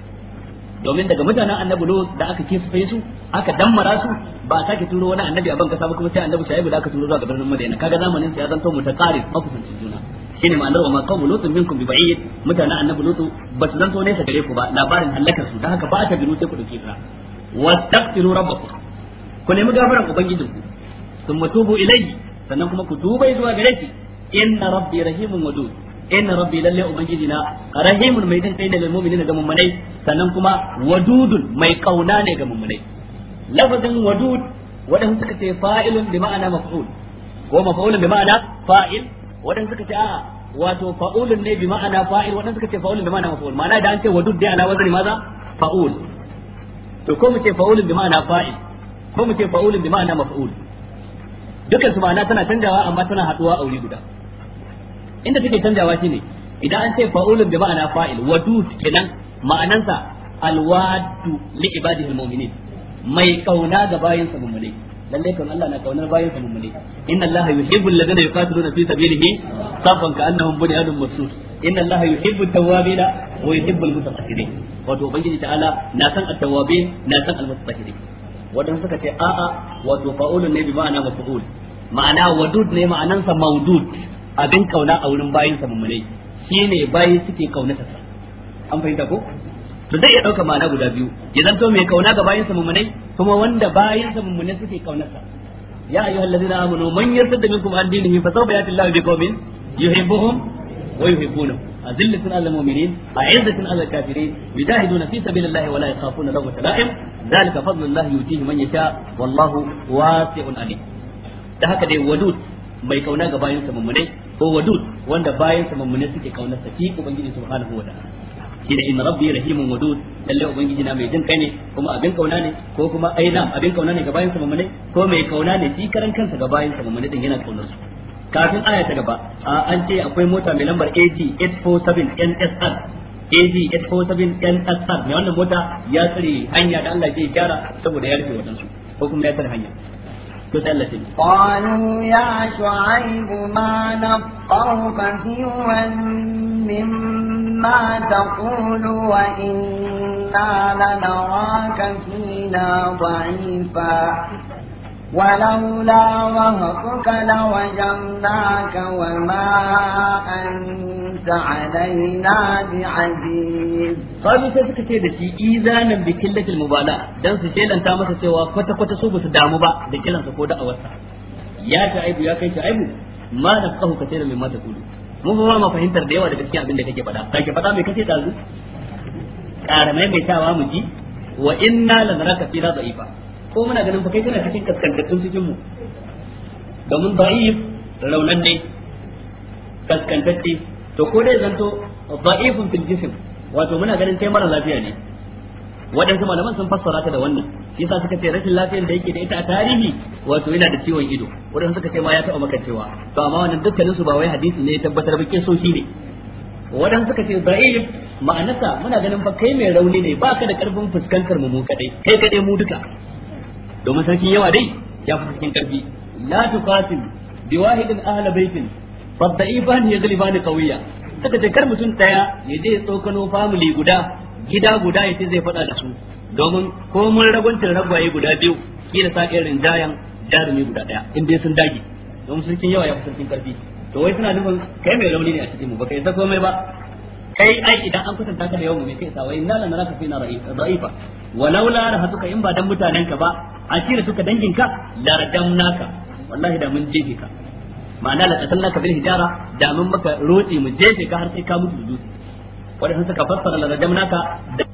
Speaker 1: domin daga mutanen annabi Lut da aka fa su aka dammara su ba a sake turo wani annabi a ban kasa ba kuma sai annabi shaibu da aka turo zuwa ga birnin Madina kaga zamanin su ya zanto mutaqarib makusancin juna shine ma'anar wa ma qawmu lutun minkum bi ba'id mutanen annabi lutu ba su zanto nesa gare ku ba labarin halakar su dan haka ba ta binu sai ku dauki ra wastaghfiru rabbakum ku nemi gafaran ubangijinku thumma tubu ilayhi sannan kuma ku tuba zuwa gare shi inna rabbi rahimun wadud inna rabbi lalle ubangiji na rahimun mai jin kai ne lil mu'minina ga mummunai sannan kuma wadudun mai kauna ne ga mummunai lafazin wadud wadanda suka ce fa'ilun bi ma'ana maf'ul ko maf'ulun bi ma'ana fa'il wadanda suka ce a wato fa'ulun ne bi ma'ana fa'il wadanda suka ce fa'ulun bi ma'ana maf'ul ma'ana da an ce wadud dai ala wazni maza fa'ul to ko mu ce fa'ulun bi ma'ana fa'il ko mu ce fa'ulun bi ma'ana maf'ul dukkan su ma'ana tana canjawa amma tana haduwa a wuri guda inda take canjawa shine idan an ce fa'ulun bi ma'ana fa'il wadud kenan ma'anansa alwadu li ibadihi almu'minin mai kauna ga bayin sa mu'minai lalle kan Allah na kaunar bayan sa mummune inna Allah yuhibbu alladhina yuqatiluna fi sabilihi safan ka annahum bunyanun marsus inna Allah yuhibbu at-tawwabin wa yuhibbu al-mutatahhirin wato ubangiji ta'ala na san at-tawwabin na san al-mutatahhirin wadan suka ce a'a wato fa'ulun ne bi ma'ana maf'ul ma'ana wadud ne ma'anansa maudud abin kauna a wurin bayin sa mummune shine bayi suke kaunata an fahimta ko to zai iya ɗaukar ma'ana guda biyu ya zanto mai kauna ga bayansa mummunai kuma wanda bayansa mummunai suke kaunarsa ya ayyuhal ladzina amanu man yartadda minkum an dinihi fa sawfa yati Allahu biqaumin yuhibbuhum wa yuhibbunahu azillatin 'alal mu'minin a'izzatin 'alal kafirin yujahiduna fi sabilillahi wa la yakhafuna lawmata la'im dhalika fadlullahi yutihi man yasha wallahu wasi'un 'alim da haka dai wadud mai kauna ga bayansa mummunai ko wadud wanda bayansa mummune suke kaunarsa fi ubangiji subhanahu wa shi da inna rabbi rahimun wadud lalle ubangiji na mai jin kai ne kuma abin kauna ne ko kuma aina abin kauna ne ga bayin sa mamane ko mai kauna ne shi karan kansa ga bayin sa mamane din yana kaunar su kafin aya ta gaba an ce akwai mota mai lambar AG 847 NSR AG 847 NSR mai wannan mota ya tsare hanya da Allah zai gyara saboda ya rufe wadansu ko kuma ya tsare hanya ko
Speaker 2: ya shu'aibu ma na ƙarfa hiwan min ma ta kulu wa inna la na waka fi na ba'ifa. ولولا رهطك لوجمناك وما أنت ليس علينا
Speaker 1: بعزيز قالوا سيسك سيدة kwata بكلة su دان سيلا تامسة سوا كتا كتا سوبة دامو با بكلا سكودة أوسا يا شعيب يا كي شعيب ما da كثيرا مما تقول mun ba ma fahimtar da yawa daga cikin abin da kake faɗa kake faɗa mai kace dazu karamai mai tawa mu ji wa inna lanaraka fi da'ifa ko muna ganin fa kai kana cikin kaskantattun cikin mu domin da'if raunan ne kaskantacce to ko dai zanto da'ifun fil jism wato muna ganin kai mara lafiya ne waɗansu malaman sun fassara ta da wannan shi yasa suka ce rashin lafiyar da yake da ita a tarihi wato yana da ciwon ido waɗansu suka ce ma ya taɓa cewa to amma wannan dukkanin su ba wai hadisi ne ya tabbatar ba so shi ne waɗansu suka ce da'if ma'anarsa muna ganin fa kai mai rauni ne ba ka da ƙarfin fuskantar mu mu kadai kai kadai mu duka domin sarkin yawa dai ya fi cikin ƙarfi la tuqatil bi ahla baitin fadda'ifan ya zali kawiya suka ce kar mutum daya ya je tsokano family guda gida guda ya ce zai faɗa da su domin ko mun ragwancin ragwaye guda biyu kila sa irin jayan jarumi guda daya in dai sun dage sun kin yawa ya sun kin karfi to wai suna nufin kai mai launi ne a cikin mu baka isa komai ba kai ai idan an kusanta ka da yawan mai kai sa wai inna lana naka fina da'ifa walaula rahatuka in ba dan mutanen ka ba kira suka dangin ka la radamnaka wallahi da mun jefe ka ma'ana la ka bil hijara da mun maka rotsi mu jefe ka har sai ka mutu dutse sun saka fassara la ka da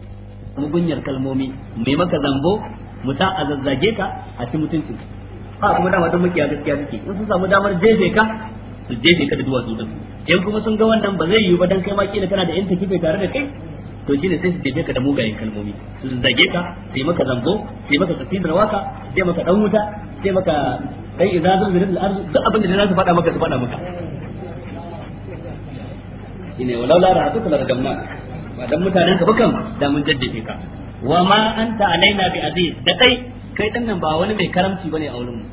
Speaker 1: mugunyar kalmomi mai maka zambo mu ta azazzage ka a cikin mutuncin ha kuma dama don mukiya gaskiya suke in sun samu damar jefe ka su jefe ka da duwatsu din in kuma sun ga wannan ba zai yiwu ba dan kai ma kila kana da yanta kife tare da kai to shine sai su jefe ka da mugayen kalmomi su zage ka sai maka zambo sai maka tafsirar waka sai maka dan wuta sai maka ai zan zulzilat al-ard duk abin da za su faɗa maka su faɗa maka
Speaker 3: ine walau la ra'atuka
Speaker 1: la gamma ba dan mutanen ka bakan da mun jaddade ka wa ma anta alaina bi aziz da kai kai dan nan ba wani mai karamci bane a wurin mu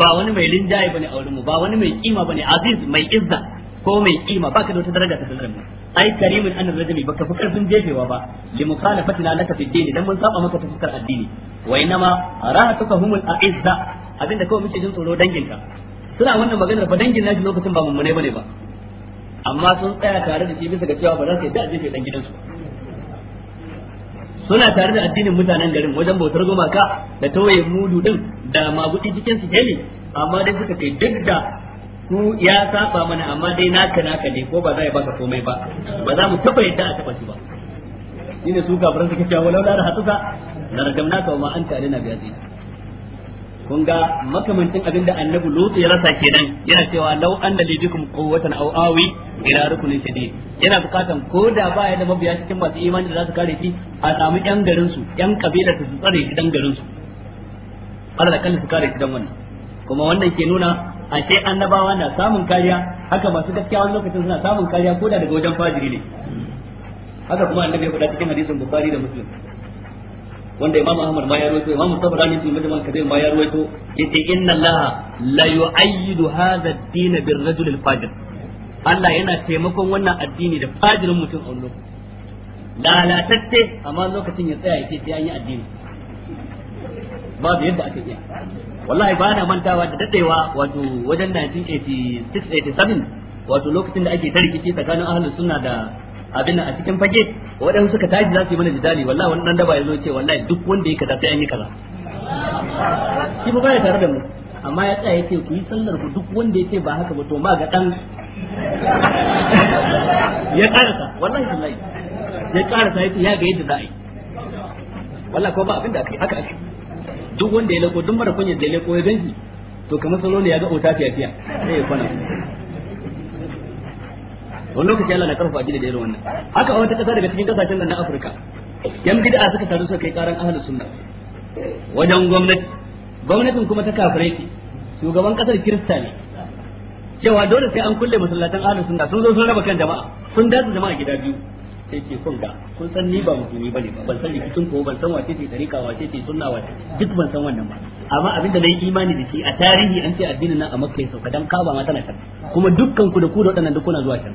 Speaker 1: ba wani mai linjaye bane a wurin mu ba wani mai kima bane aziz mai izza ko mai kima baka da wata daraja ta daraja ai karimin annar rajuli baka fi karfin jefewa ba li mukhalafatina laka fi dini dan mun saba maka ta fuskar addini wa inma ra'atuka humul a'izza abinda kawai muke jin tsoro danginka suna wannan maganar ba dangin nashi lokacin ba mummune bane ba amma sun tsaya tare da shi bisa ga cewa ba za su yi a jefe dan gidansu suna tare da addinin mutanen garin wajen bautar gumaka da tawaye mudu din da magudi cikin su kele amma dai suka kai duk da ku ya saba mana amma dai naka naka ne ko ba za ya baka komai ba ba za mu taba yadda a taba shi ba shine su kafiran suka cewa walau la rahatuka la rajamnaka wa ma anta alina bi aziz kun ga makamancin abin da annabi lutu ya rasa kenan yana cewa law anna li bikum quwwatan aw awi ila rukunin shadid yana bukatan ko da ba ya da mabiya cikin masu imani da za su kare shi a samu yan garin su yan kabilar su tsare shi dan garin su Allah kan su kare shi dan wannan kuma wannan ke nuna a ce annabawa na samun kariya haka masu gaskiya wani lokacin suna samun kariya ko da daga wajen fajiri ne haka kuma annabi ya faɗa cikin hadisin bukhari da muslim wanda imam ahmad ma ya ruwaito imam tabarani fi majma kadir ma ya ruwaito yace inna allah la yu'ayyidu hadha ad-din bir rajul al-fajir Allah yana taimakon wannan addini da fajirin mutum a lokaci lalatacce amma lokacin ya tsaya yake sai an yi addini babu yadda aka iya wallahi ba na mantawa da dadewa wato wajen 1987 wato lokacin da ake ta rikici tsakanin ahlus sunna da abin a cikin fage waɗansu suka tashi za su yi mana jidali wallahi wani dan daba yazo ce wallahi duk wanda ya kaza sai an yi kaza
Speaker 3: shi ba ya tare da mu
Speaker 1: amma ya tsaya yace ku yi sallar ku duk wanda ce ba haka ba to ma ga dan
Speaker 3: ya karasa wallahi
Speaker 1: wallahi ya karasa yace ya ga yadda za a yi wallahi ko ba abin da ake haka ake duk wanda ya lako duk mara kunya da ya lako ya ganki to kamar salo ne ya ga ota fiya fiya sai ya kwana wani lokaci Allah na karfafa addini da irin wannan haka wata kasa daga cikin kasashen nan na Afirka yan bid'a suka taru suka kai karan ahlus sunna wajen gwamnati gwamnatin kuma ta kafirai ce shugaban kasar kirista ne cewa dole sai an kulle masallatan ahlus sunna sun zo sun raba kan jama'a sun dace jama'a gida biyu sai ce kun ga kun san ni ba musulmi bane ba ban san rikicin ko ban san wace ce tarika wace ce sunna wace duk ban san wannan ba amma abinda nayi imani da shi a tarihi an ce addinin nan a makka ya sauka dan kaba ma tana can kuma dukkan ku da ku da waɗannan duk kuna zuwa can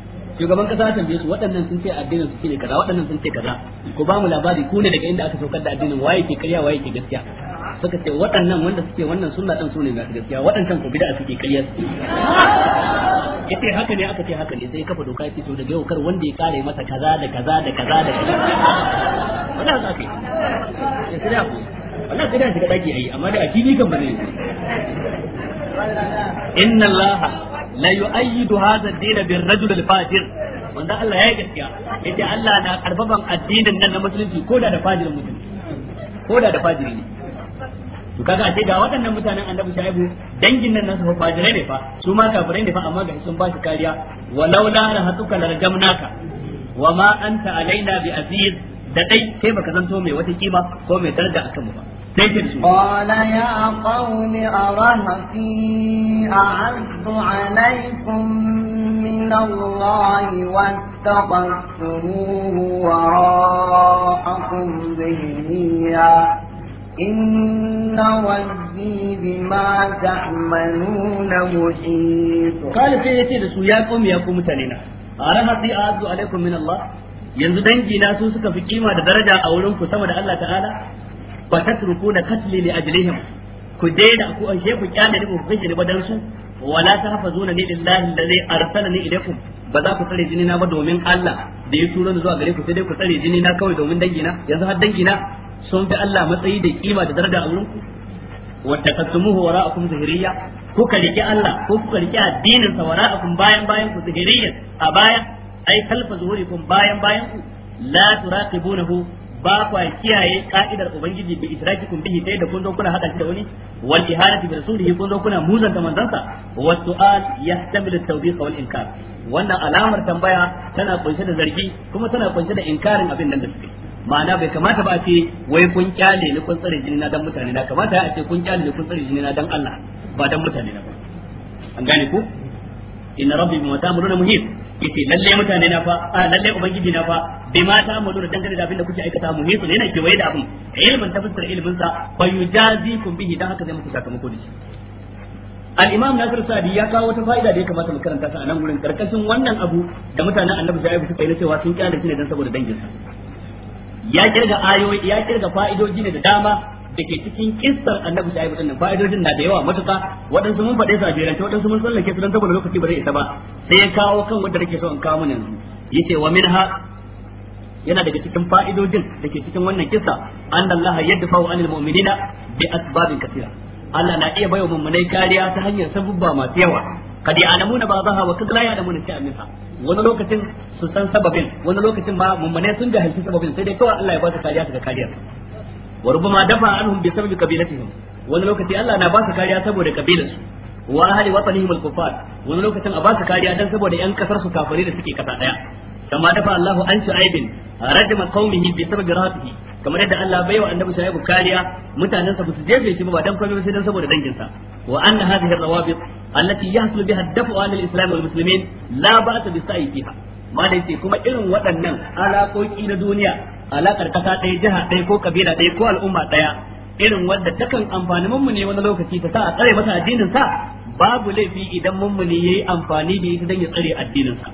Speaker 1: shugaban kasa ya tambaye su waɗannan sun ce addinin su ne kaza waɗannan sun ce kaza ko ba mu labari ku ne daga inda aka saukar da addinin waye ke karya waye ke gaskiya suka ce waɗannan wanda suke wannan sunna din su ne masu gaskiya waɗancan ko bid'a suke karya su yace haka ne aka ce haka ne sai kafa doka yace to daga yau kar wanda ya kare masa kaza da kaza da kaza da kaza wannan za ka
Speaker 3: yi
Speaker 1: sai da ku wannan sai da shiga daki ai amma da a TV kan ba
Speaker 3: zai inna
Speaker 1: allaha la yu'ayyidu hadha ad-din bir rajul wanda Allah ya yi gaskiya yace Allah na karfafan addinin nan na musulunci ko da da fajirin ko da da ne ga waɗannan mutanen annabi shaibu dangin nan nasu fajirai ne fa su ma kafirai ne fa amma ga sun ba shi kariya walau la rahatuka larjamnaka wa ma anta alaina bi aziz da dai kai baka zanto mai wata kima ko mai daraja akan mu ba
Speaker 2: قال يا قوم أرهتي أعز عليكم من الله واتقفتموه وراءكم ذهنيا إن ربي
Speaker 1: بما تعملون محيط قال سيدي رسول يا قوم يا قوم تنينا أرهتي أعز عليكم من الله yanzu dangi na su suka fi kima da daraja a wurin ku sama da Allah ta'ala Ba ta turku fa tatrukuna qatli li ajlihim ku daina ku an ashe ku kyale ni ku kashe ni badan su wala ta hafa tahfazuna ni lillahi allazi arsalani ilaykum ba za ku tsare jini na ba domin Allah da ya turo ni zuwa gare ku sai dai ku tsare jini na kawai domin dangi na? yanzu har dangi na sun fi Allah matsayi da kima da daraja a wurin ku wattakasumuhu wara'akum zahiriya kuka rike Allah ko kuka rike addinin sa wara'akum bayan bayan ku zahiriyan a baya? ai kalfa kun bayan bayan ku la turaqibunahu ba kwa kiyaye ka'idar ubangiji bi idrakikum bihi sai da kun zo kuna hada da wani wal ihanati bi rasulihi kun zo kuna muzanta manzansa wa su'al yahtamilu at-tawbiq wal inkar wannan alamar tambaya tana kunshe da zargi kuma tana kunshe da inkarin abin nan da suke ma'ana bai kamata ba a ce wai kun kyale ni kun tsare jini na dan mutane na kamata a ce kun kyale ni kun tsare jini na dan Allah ba dan mutane na ba an gane ku inna rabbi bima ta'maluna muhim. yace lalle mutane na fa a lalle ubangiji na fa bai ma ta amuru dangane da abin da kuke aikata mu hisu yana kewaye da abin ilmin tafsir ilmin sa fa kum bihi dan haka zai muku sakamako da shi al-imam nasir sadi ya kawo wata fa'ida da ya kamata mu karanta ta a nan gurin karkashin wannan abu da mutanen annabi jaibu suka yi na cewa sun kyale shi ne dan saboda dangin sa ya kirga ayoyi ya kirga fa'idoji ne da dama da ke cikin kissar annabi shaibu din fa'idodin na da yawa matuka waɗansu mun faɗe su a jerance waɗansu mun tsallake su don saboda lokaci ba zai isa ba sai ya kawo kan wanda nake so in kawo mun yanzu yace wa minha yana daga cikin fa'idojin da ke cikin wannan kissa annallaha yadfa'u anil mu'minina bi asbabin katira Allah na iya bayo mun munai kariya ta hanyar sabubba masu yawa kad ya'lamuna ba'daha wa kad la ya'lamuna shay'an minha wani lokacin su san sababin wani lokacin ba mun munai sun jahilci sababin sai dai kawai Allah ya ba su kariya daga kariya wa rubama dafa anhum bi sababi wani lokaci Allah na ba su kariya saboda kabilarsu wa ahli watanihim al-kuffar wani lokacin a basu kariya dan saboda yan kasar su kafare da suke kasa daya kama dafa Allah an shu'aibin rajama qaumihi bi sababi rahatihi kamar yadda Allah bai wa annabi shu'aib kariya mutanen sa su jefe shi ba dan komai sai dan saboda dangin sa wa anna hadhihi ar-rawabit allati yahsul biha ad-dafu 'ala al-islam wal muslimin la ba'sa bi sa'i kuma irin waɗannan alaƙoƙi na duniya alakar kasa ɗaya jiha ɗaya ko kabila ɗaya ko al'umma ɗaya irin wadda takan amfani mummuni wani lokaci ta sa a tsare masa addinin sa babu laifi idan mummuni yayi amfani da ita dan ya tsare addinin sa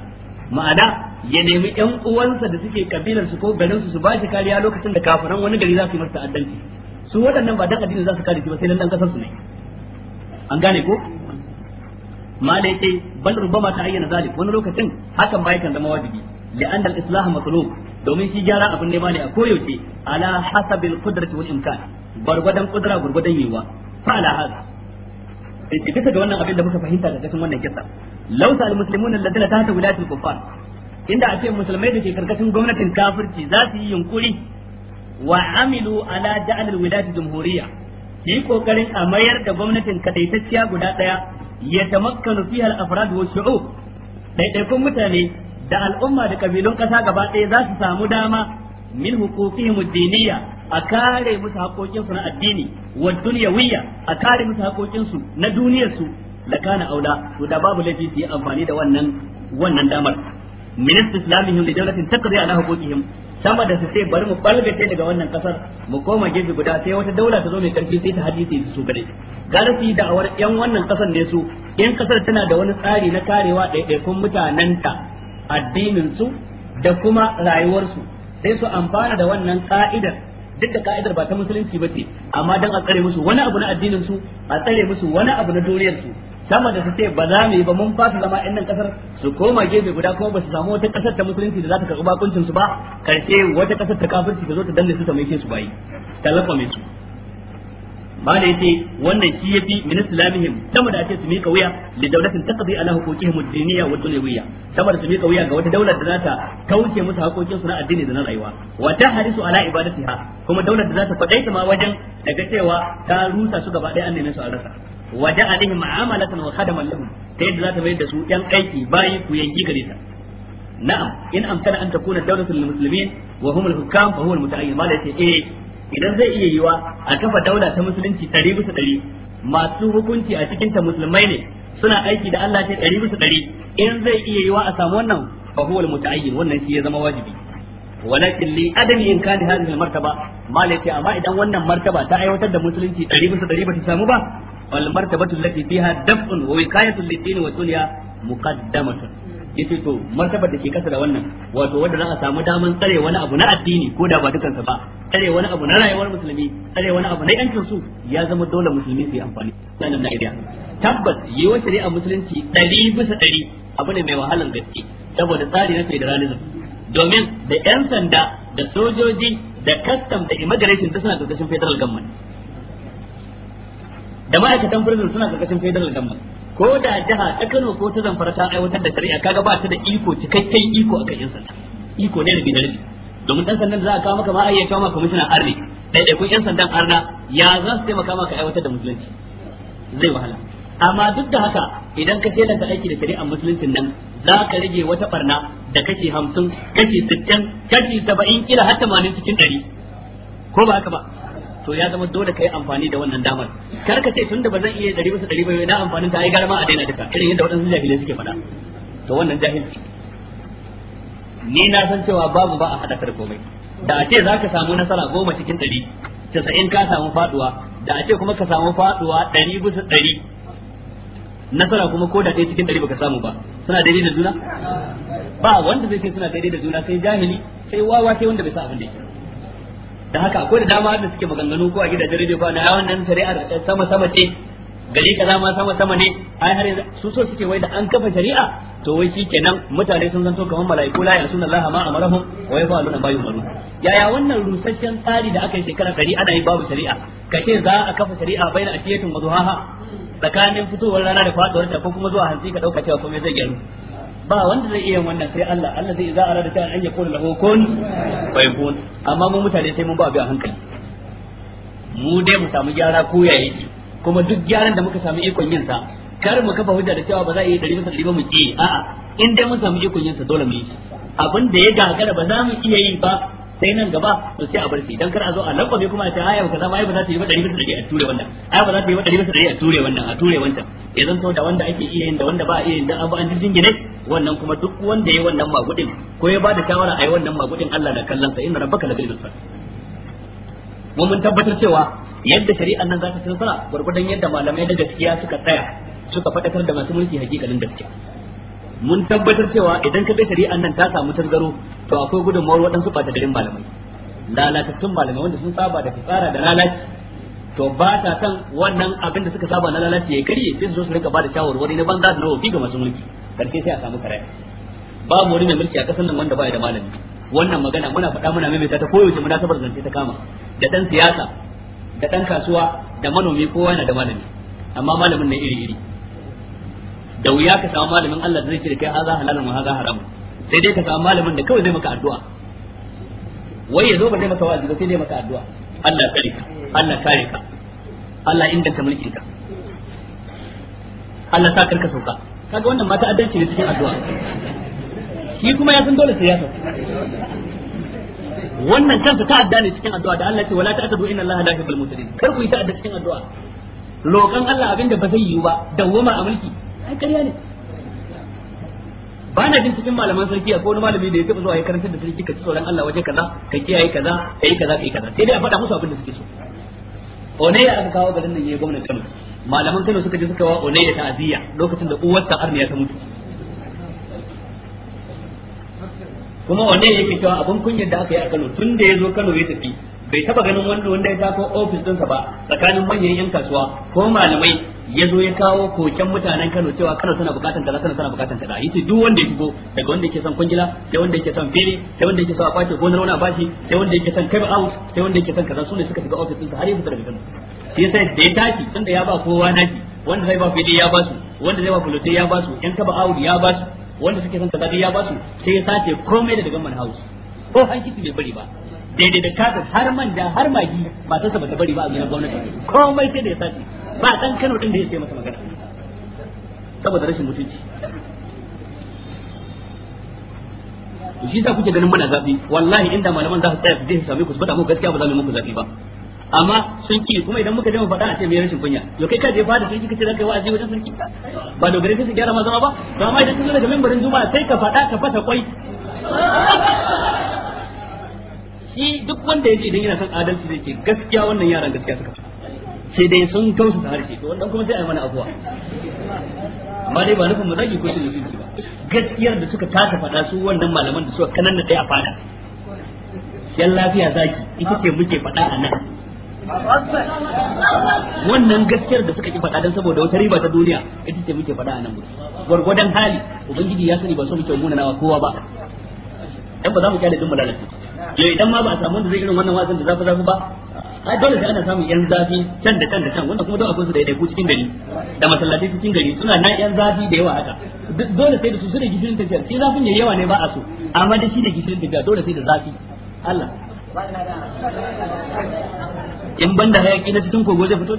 Speaker 1: ma'ana ya nemi yan uwansa da suke kabilar su ko garin su su ba shi kariya lokacin da kafiran wani gari za su yi masa ta'addanci su waɗannan ba dan addinin za su kare shi ba sai dan kasar su ne an gane ko malai sai bal rubama ta ayyana zalik wani lokacin hakan ba yakan zama wajibi li'anna al islahu matlub domin shi gyara abin nema ne a koyaushe ala hasabil qudrati wal imkan gurgudan kudura gwargwadon yiwa fa ala hada sai bisa ga wannan abin da muka fahimta da cikin wannan kisa law sal muslimun alladhina tahta wilayati al-kuffar inda ake musulmai da ke karkashin gwamnatin kafirci za su yi yunkuri wa amilu ala da'al al-wilayati jumhuriyya yi kokarin a mayar da gwamnatin kadaitacciya guda daya ya tamakkanu fiha al-afrad wa shu'ub daidaikun mutane da al'umma da kabilun kasa gaba ɗaya za su samu dama min hukukihim ad a kare musu haƙoƙin su na addini wa dunyawiyya a kare musu haƙoƙin su na duniyar su la kana aula to da babu laifi su yi amfani da wannan wannan damar min islamihim li dawlatin taqdi ala hukukihim sama da su sai bari mu balgace daga wannan kasar mu koma gefe guda sai wata daula ta zo mai karfi sai ta hadisi su gare garfi awar yan wannan kasar ne su yan kasar tana da wani tsari na karewa ɗaiɗaikun mutanenta addinin su da kuma rayuwarsu sai su amfana da wannan ka'idar duk da ka'idar ba ta musulunci ba ce amma dan a tsare musu wani abu na addinin su a tsare musu wani abu na duniyar sama da su ce ba za mu yi ba mun fasa zama innan nan kasar su koma gefe guda kuma ba su samu wata kasar ta musulunci da za ta karɓi bakuncin su ba karshe wata kasar ta kafirci ta zo ta danne su ta maishe su bayi ta mai su ba da yace wannan shi yafi min islamihim sama da ake su mika wuya li dawlatin taqdi ala huquqihim ad-diniyya wa dunyawiyya sama da su mika wuya ga wata daular da za ta kauce musu haƙoƙin su na addini da na rayuwa wa ta harisu ala ibadatiha kuma daular da za ta kwadaita ma wajen daga cewa ta rusa su gaba ɗaya an neme su a rasa wa ja'alihim ma'amalatan wa khadaman lahum ta yadda za ta mayar da su yan aiki bayi ku yanki gare ta na'am in amkana an takuna dawlatul muslimin wa humul hukam fa huwa al-muta'ayyin ma da yace eh idan zai iya yiwa a kafa dauda ta musulunci ɗari bisa ɗari masu hukunci a cikin ta musulmai ne suna aiki da Allah ce ɗari bisa ɗari in zai iya yiwa a samu wannan fa huwa almutaayyin wannan shi ya zama wajibi walakin li adami in kana hadhihi almartaba malaki amma idan wannan martaba ta aiwatar da musulunci ɗari bisa ɗari ba ta samu ba wal martabatu allati fiha daf'un wa wiqayatu lid-din wa dunya muqaddamatun yace to martabar da ke kasa da wannan wato wanda za a samu daman tsare wani abu na addini ko da ba dukansa ba tsare wani abu na rayuwar musulmi tsare wani abu na yancin su ya zama dole musulmi su yi amfani nan na iya tabbas yiwa shari'a musulunci ɗari bisa ɗari abu ne mai wahalar gaske saboda tsari na federalism domin da yan sanda da sojoji da custom da immigration da suna karkashin federal government da ma'aikatan prison suna karkashin federal government ko da jiha ta Kano ko ta Zamfara ta aiwatar da shari'a kaga ba ta da iko cikakken iko a kan sanda iko ne rabi da rabi domin dan sandan za a kawo maka ma ai ya kawo maka kwamishinan arne kun yan sandan arna ya za su taimaka maka aiwatar da musulunci zai wahala amma duk da haka idan ka shelanta aiki da shari'ar musuluncin nan za ka rage wata barna da kashi hamsin kashi sittin kashi saba'in kila har tamanin cikin ɗari ko ba haka ba to ya zama dole kai amfani da wannan damar kar ka ce tunda ba zan iya dari masa dari ba na amfanin ta ai garma a daina duka irin yadda waɗansu jahilai suke faɗa to wannan jahilci ni na san cewa babu ba a hadakar komai da a ce zaka samu nasara goma cikin dari casa'in ka samu faduwa da a ce kuma ka samu faduwa dari bisa dari nasara kuma ko da ɗaya cikin dari baka samu ba suna daidai da juna ba wanda zai ce suna daidai da juna sai jahili sai wawa sai wanda bai sa abin da yake da haka akwai da dama da suke maganganu ko a gidajen rediyo ko na wannan shari'ar sama sama ce gari kaza ma sama sama ne ai har yanzu su so suke wai da an kafa shari'a to wai shikenan mutane sun zanto kamar mala'iku la yasun Allah ma amarahum wa na bayu maru. yaya wannan rusasshen tsari da aka yi shekara gari ana yi babu shari'a kace za a kafa shari'a na asiyatin mazuhaha tsakanin fitowar rana da faduwar ta ko kuma zuwa hantsi ka dauka cewa komai zai gyaru ba wanda zai iya wannan sai Allah Allah zai za arada ta an yakuna lahu kun fayakun amma mu mutane sai mun ba bi a hankali mu dai mu samu gyara ko ya kuma duk gyaran da muka samu ikon yin sa kar mu kafa hujja da cewa ba za a yi dari bisa dari ba mu ci a'a in dai mun samu ikon yin sa dole mu yi abin da ya gagara ba za mu iya yi ba sai nan gaba to sai a barci dan kar a zo a lakwabe kuma a ce aya kaza ba ai ba za ta yi ba dari bisa dari a ture wannan ai ba za ta yi ba dari bisa dari a ture wannan a ture wancan ya zan to da wanda ake iya yin da wanda ba a iya yin dan abu an gine wannan kuma duk wanda yayi wannan magudin ko ya bada shawara yi wannan magudin Allah da kallon sa inna rabbaka labil bisar mu mun tabbatar cewa yadda shari'an nan za ta tsara gurgurdan yadda malamai da gaskiya suka tsaya suka fadakar da masu mulki hakikalin gaskiya mun tabbatar cewa idan ka bi shari'an nan ta samu tangaro to akwai gudunmawar waɗansu ta garin malamai lalatattun malamai wanda sun saba da fitsara da lalaci to ba ta kan wannan abin da suka saba na lalaci ya karye sai su zo su rika ba da shawarwari na banza da nawafi ga masu mulki karshe sai a samu karaya ba mu mai mulki a kasan nan wanda baya da malami wannan magana muna faɗa muna mai ta koyaushe muna sabar zance ta kama da dan siyasa da dan kasuwa da manomi kowa yana da malami amma malamin ne iri iri da wuya ka samu malamin Allah da zai ce kai haza halalun wa haza haram sai dai ka samu malamin da kawai zai maka addu'a wai ya zo ba zai maka wa'azi ba sai zai maka addu'a
Speaker 3: Allah kare ka Allah kare
Speaker 1: ka Allah inganta mulkin ka Allah sa karka sauka kaga wannan mata addanci ne cikin addu'a shi kuma ya san dole sai ya sauka wannan kansa ta'adda ne cikin addu'a da Allah ce wala ta'tadu inna Allah la yuhibbul mutadin kar ku yi ta'adda cikin addu'a roƙon Allah abinda ba zai yi ba dawwama a mulki ai ƙarya ne ba na jin cikin malaman sarki a kowane malami da ya taɓa zuwa ya karantar da sarki ka ci sauran Allah waje kaza ka kiyaye kaza ka yi kaza ka yi kaza sai dai a faɗa musu abin da suke so onai aka kawo garin nan yi gwamnatin Kano malaman Kano suka je suka wa onai da ta'aziyya lokacin da uwarsa arniya ta mutu
Speaker 3: kuma onai yake
Speaker 1: cewa abin kunyar da aka yi a Kano tun da ya zo Kano ya tafi bai taba ganin wanda wanda ya tafi ofis dinsa ba tsakanin manyan yan kasuwa ko malamai ya zo ya kawo koken mutanen Kano cewa Kano tana bukatan kaza Kano tana bukatan kaza yace duk wanda ya shigo daga wanda yake son kwangila sai wanda yake son fili sai wanda yake son a kwace gonar wani bashi sai wanda yake son kai out sai wanda yake son kaza sune suka shiga ofis dinsa har ya fita daga Kano shi yasa da ya tafi tunda ya ba kowa naki wanda zai ba fili ya ba su wanda zai ba kulote ya ba su yan kaba out ya ba su wanda suke son kaza ya ba su sai ya sace komai daga gamman house ko hankiti bai bari ba daidai da kasa har manja har magi ba ta saba ta bari ba a gidan gwamnati komai sai da ya sace ba dan Kano din da ya sai masa magana saboda rashin mutunci shi sa kuke ganin muna zafi wallahi inda malaman za su tsaya su je su same ku su faɗa muku gaskiya ba za mu yi muku zafi ba amma sun ki kuma idan muka je mu faɗa a ce mai rashin kunya yo kai ka je fada sai kika ce zaka yi wa'azi wajen sarki ba dogare sai su gyara ma zama ba amma idan sun zo daga membarin juma'a sai ka faɗa ka fata kwai shi duk wanda ya ce idan yana son adalci zai ce gaskiya wannan yaran gaskiya suka sai dai sun kausa da harshe to wannan kuma sai a yi mana afuwa amma dai ba nufin mu zagi ko shi mutunci ba gaskiyar da suka kasa faɗa su wannan malaman da suka kananna ɗaya a fada yan lafiya zaki ita ce muke faɗa a nan wannan gaskiyar da suka ki faɗa don saboda wata riba ta duniya ita ce muke faɗa a nan gurgurdan gwargwadon hali ubangiji ya sani ba so muke munanawa kowa ba dan ba za mu kyale din mu lalace idan ma ba a samu wanda zai irin wannan wazin da zafi zafi ba ai dole sai ana samun yan zafi can da can da can wanda kuma duk akwai su da ku cikin gari da masallatai cikin gari suna na yan zafi da yawa haka dole sai da su su da gishirin tafiya sai zafin ya yawa ne ba a so amma da shi da gishirin tafiya dole sai da zafi Allah in ban da hayaki na cikin kogo zai fito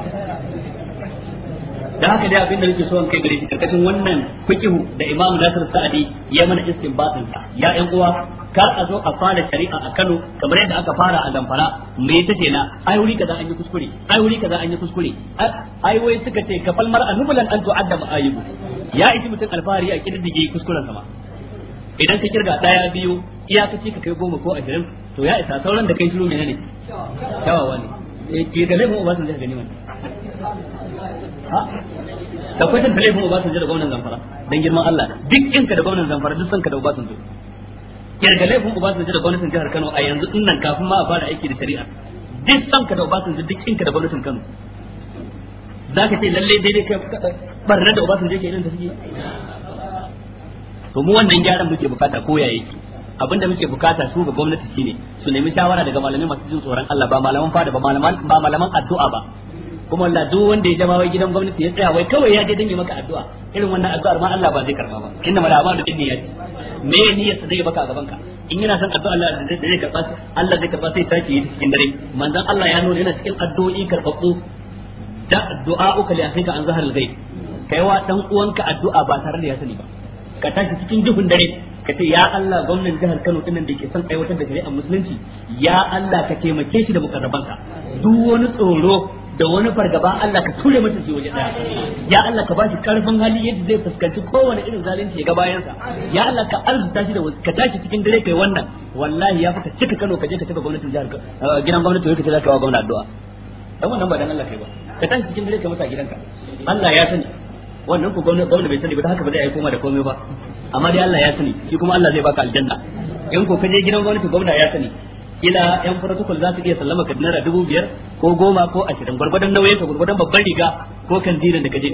Speaker 3: da haka dai
Speaker 1: abinda nake so kai gare shi karkashin wannan fikihu da Imam Nasir Sa'di ya mana istinbatin sa ya ɗan uwa kar a zo a fara shari'a a Kano kamar yadda aka fara a Zamfara me ta ce na ai wuri kaza an yi kuskure ai wuri kaza an yi kuskure ai wai suka ce kafal mar'a nubulan an tu'adda ma'ayibu ya isi mutum alfahari a kididdige kuskuren ma idan ka kirga daya biyu iyakaci ka kai goma ko ashirin to ya isa sauran da kai shiru menene kyawawa ne eh, ke ga laifin ubasan zai gani
Speaker 3: wannan ka kwai tun laifin
Speaker 1: Obasanjo da gwamnan Zamfara dan girman Allah duk inka da gwamnan Zamfara duk sanka da Obasanjo kirga laifin Obasanjo da gwamnatin jihar Kano a yanzu din nan kafin ma a fara aiki da shari'a duk sanka da Obasanjo duk inka da gwamnatin Kano za ka ce lalle daidai ka barna da Obasanjo ke irin da suke to mu wannan gyaran muke bukata ko ya yake abinda muke bukata su ga gwamnati shine su nemi shawara daga malamai masu jin tsoron Allah ba malaman fada ba malaman ba malaman addu'a ba kuma Allah duk wanda ya jama wai gidan gwamnati ya tsaya wai kawai ya je dan yi maka addu'a irin wannan addu'ar ma Allah ba zai karba ba inna mal a'malu bin niyyati me ya niyyar sa zai baka a gaban ka in yana son addu'a Allah zai karba Allah zai karba sai tashi yi cikin dare manzon Allah ya nuna yana cikin addu'o'i karbabu da du'a'uka li akhika an zahar al-ghaib kai wa dan uwanka addu'a ba tare da ya sani ba ka tashi cikin jihun dare ka ce ya Allah gwamnan jihar Kano dinnan da ke son aiwatar da shari'ar musulunci ya Allah ka taimake shi da mukarrabanka duk wani tsoro da wani fargaba Allah ka ture masa shi waje daya ya Allah ka bashi karfin hali yadda zai fuskanci kowane irin zalunci ya ga sa ya Allah ka arzuta shi da ka tashi cikin dare kai wannan wallahi ya fuka cika Kano ka je ka cika gwamnatin jihar eh, gidan gwamnati wai ka ce ka wa gwamnati addu'a dan wannan ba dan Allah kai ba ka tashi cikin dare kai masa gidanka Allah ya sani wannan ku gwamnati gwamnati bai sani ba haka ba zai yi koma da komai ba amma dai Allah ya sani shi kuma Allah zai baka aljanna in ko ka je gidan gwamnati gwamnati ya sani kila yan protocol za su iya sallama ka naira dubu biyar ko goma ko ashirin gwargwadon nauyin ka gwargwadon babban riga ko kan zirin da ka je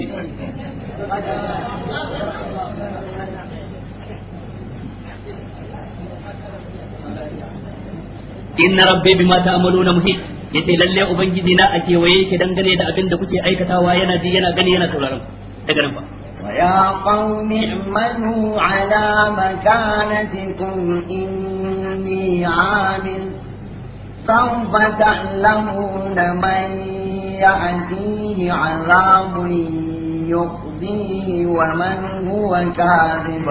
Speaker 1: inna rabbi bima ta'maluna muhit yace lalle ubangiji na a kewaye yake dangane da abin da kuke aikatawa yana ji yana gani yana sauraron daga nan ba.
Speaker 2: ويا قوم اعملوا على مكانتكم إني عامل سوف تعلمون من يأتيه عذاب يخزيه ومن
Speaker 1: هو كاذب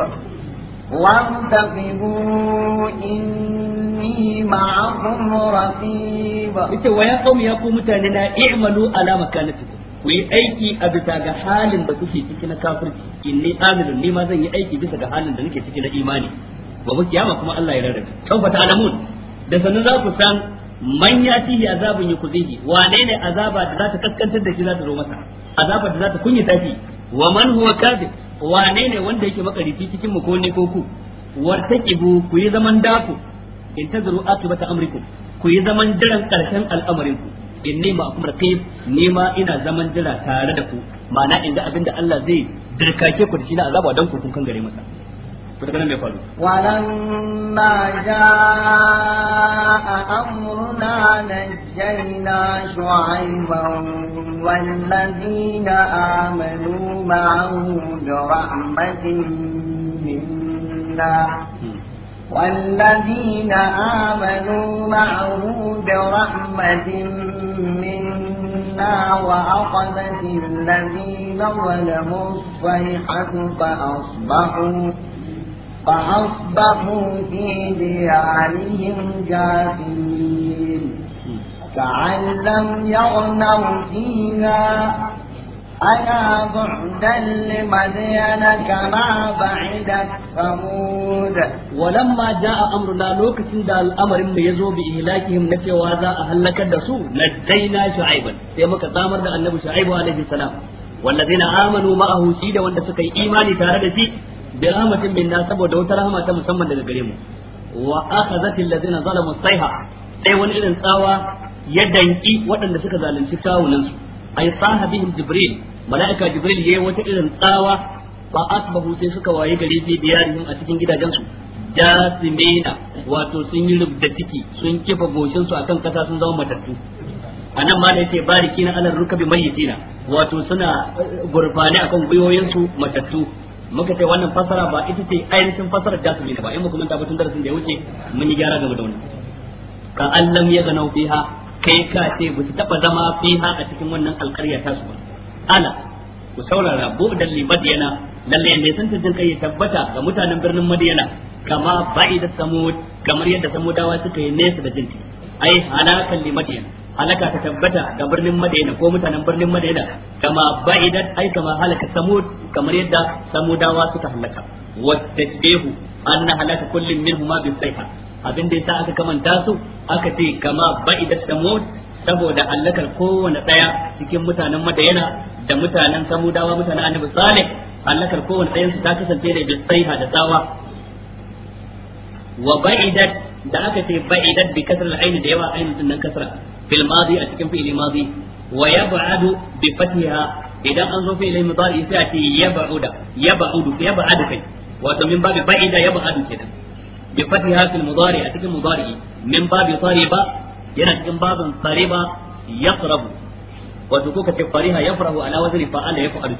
Speaker 2: وارتقبوا إني معكم رقيب. إنت ويا
Speaker 1: قوم يا قوم تعلنا اعملوا على مكانتكم. ku yi aiki a bisa ga halin da kuke ciki na kafirci ni amilun ni ma zan yi aiki bisa ga halin da nake ciki na imani gobe kiyama kuma Allah ya rarrabe sawfa ta'lamun da sanin za ku san man tihi azabun yukuzihi wane ne azaba da za ta kaskantar da shi za ta zo masa azaba da za ta kunyata shi wa man huwa kadhib wane ne wanda yake makarici cikin mu ko ne ko ku wartaqibu ku yi zaman daku, in tazuru akibata amrikum ku yi zaman daren karshen al'amarin ku inni ma kuma rakib ni ma ina zaman jira tare da ku ma'ana inda da Allah zai dirkake ku da shi na azaba dan ku kun kan gare masa ku daga nan mai faru walan
Speaker 2: ma jaa amruna najjayna shu'aiban walladina amanu ma'ahu bi rahmatin minna hmm. والذين آمنوا معه برحمة منا وأخذت الذين ظلموا الصيحة فأصبحوا فأصبحوا في ديارهم جاثمين كأن لم يغنوا فيها ألا بعدا لمدين كما بعدت
Speaker 1: ثمود ولما جاء أمرنا لوكسن دا الأمر ما يزو بإهلاكهم نفي وذا أهلك الدسو نجينا شعيبا سيما كتامر دا النبي شعيب عليه السلام والذين آمنوا معه سيدا وان سكي إيماني تارد سي برحمة منا سبو دوترهما تمسمى لنقريمه وأخذت الذين ظلموا الصيحة أي وان إذن ساوى يدنكي وان سكي ظالم سكاو ننسو ay sahabihim jibril malaika jibril yayi wata irin tsawa fa asbahu sai suka waye gari fi diyarihim a cikin gidajensu jasimina wato sun yi rubda ciki sun kifa goshin su akan kasa sun zama matattu anan ma da yake bariki na alal rukabi mayyitina wato suna gurfani akan gwiwoyin su matattu muka ce wannan fasara ba ita ce ainihin fasarar jasimina ba in muka manta tun darasin da ya wuce mun yi gyara game da wannan ka allam ya ganau fiha kai ka ce ba su taba zama fiha a cikin wannan alƙarya ta su ba ala ku saurara bu'dan da madyana lalle ne sun tantance kai tabbata ga mutanen birnin madiyana kama da samud kamar yadda samudawa suka yi nesa da jinki ai halakan li madyana halaka ta tabbata ga birnin madiyana ko mutanen birnin madiyana kama da ai kama halaka samud kamar yadda samudawa suka halaka wa tasbihu anna halaka kullin minhum ma sayha abin da yasa aka kamanta su aka ce kama ba'idat samud saboda allakar kowane daya cikin mutanen madayana da mutanen samudawa mutanen annabi salih allakar kowane dayan su ta kasance ne bisaiha da tsawa wa ba'idat da aka ce ba'idat bi kasar al-ayn da yawa ayn din nan kasra fil madi a cikin fi'il madi wa yab'adu bi fathiha idan an zo fi'il mudari sai a ce yab'uda yab'udu yab'adu kai wato min babu ba'ida yab'adu kenan bi fatiha fil mudari a cikin mudari min babi tariba yana cikin babin tariba yaqrabu wato ko kace fariha yafrahu ala wazni fa'ala yaf'alu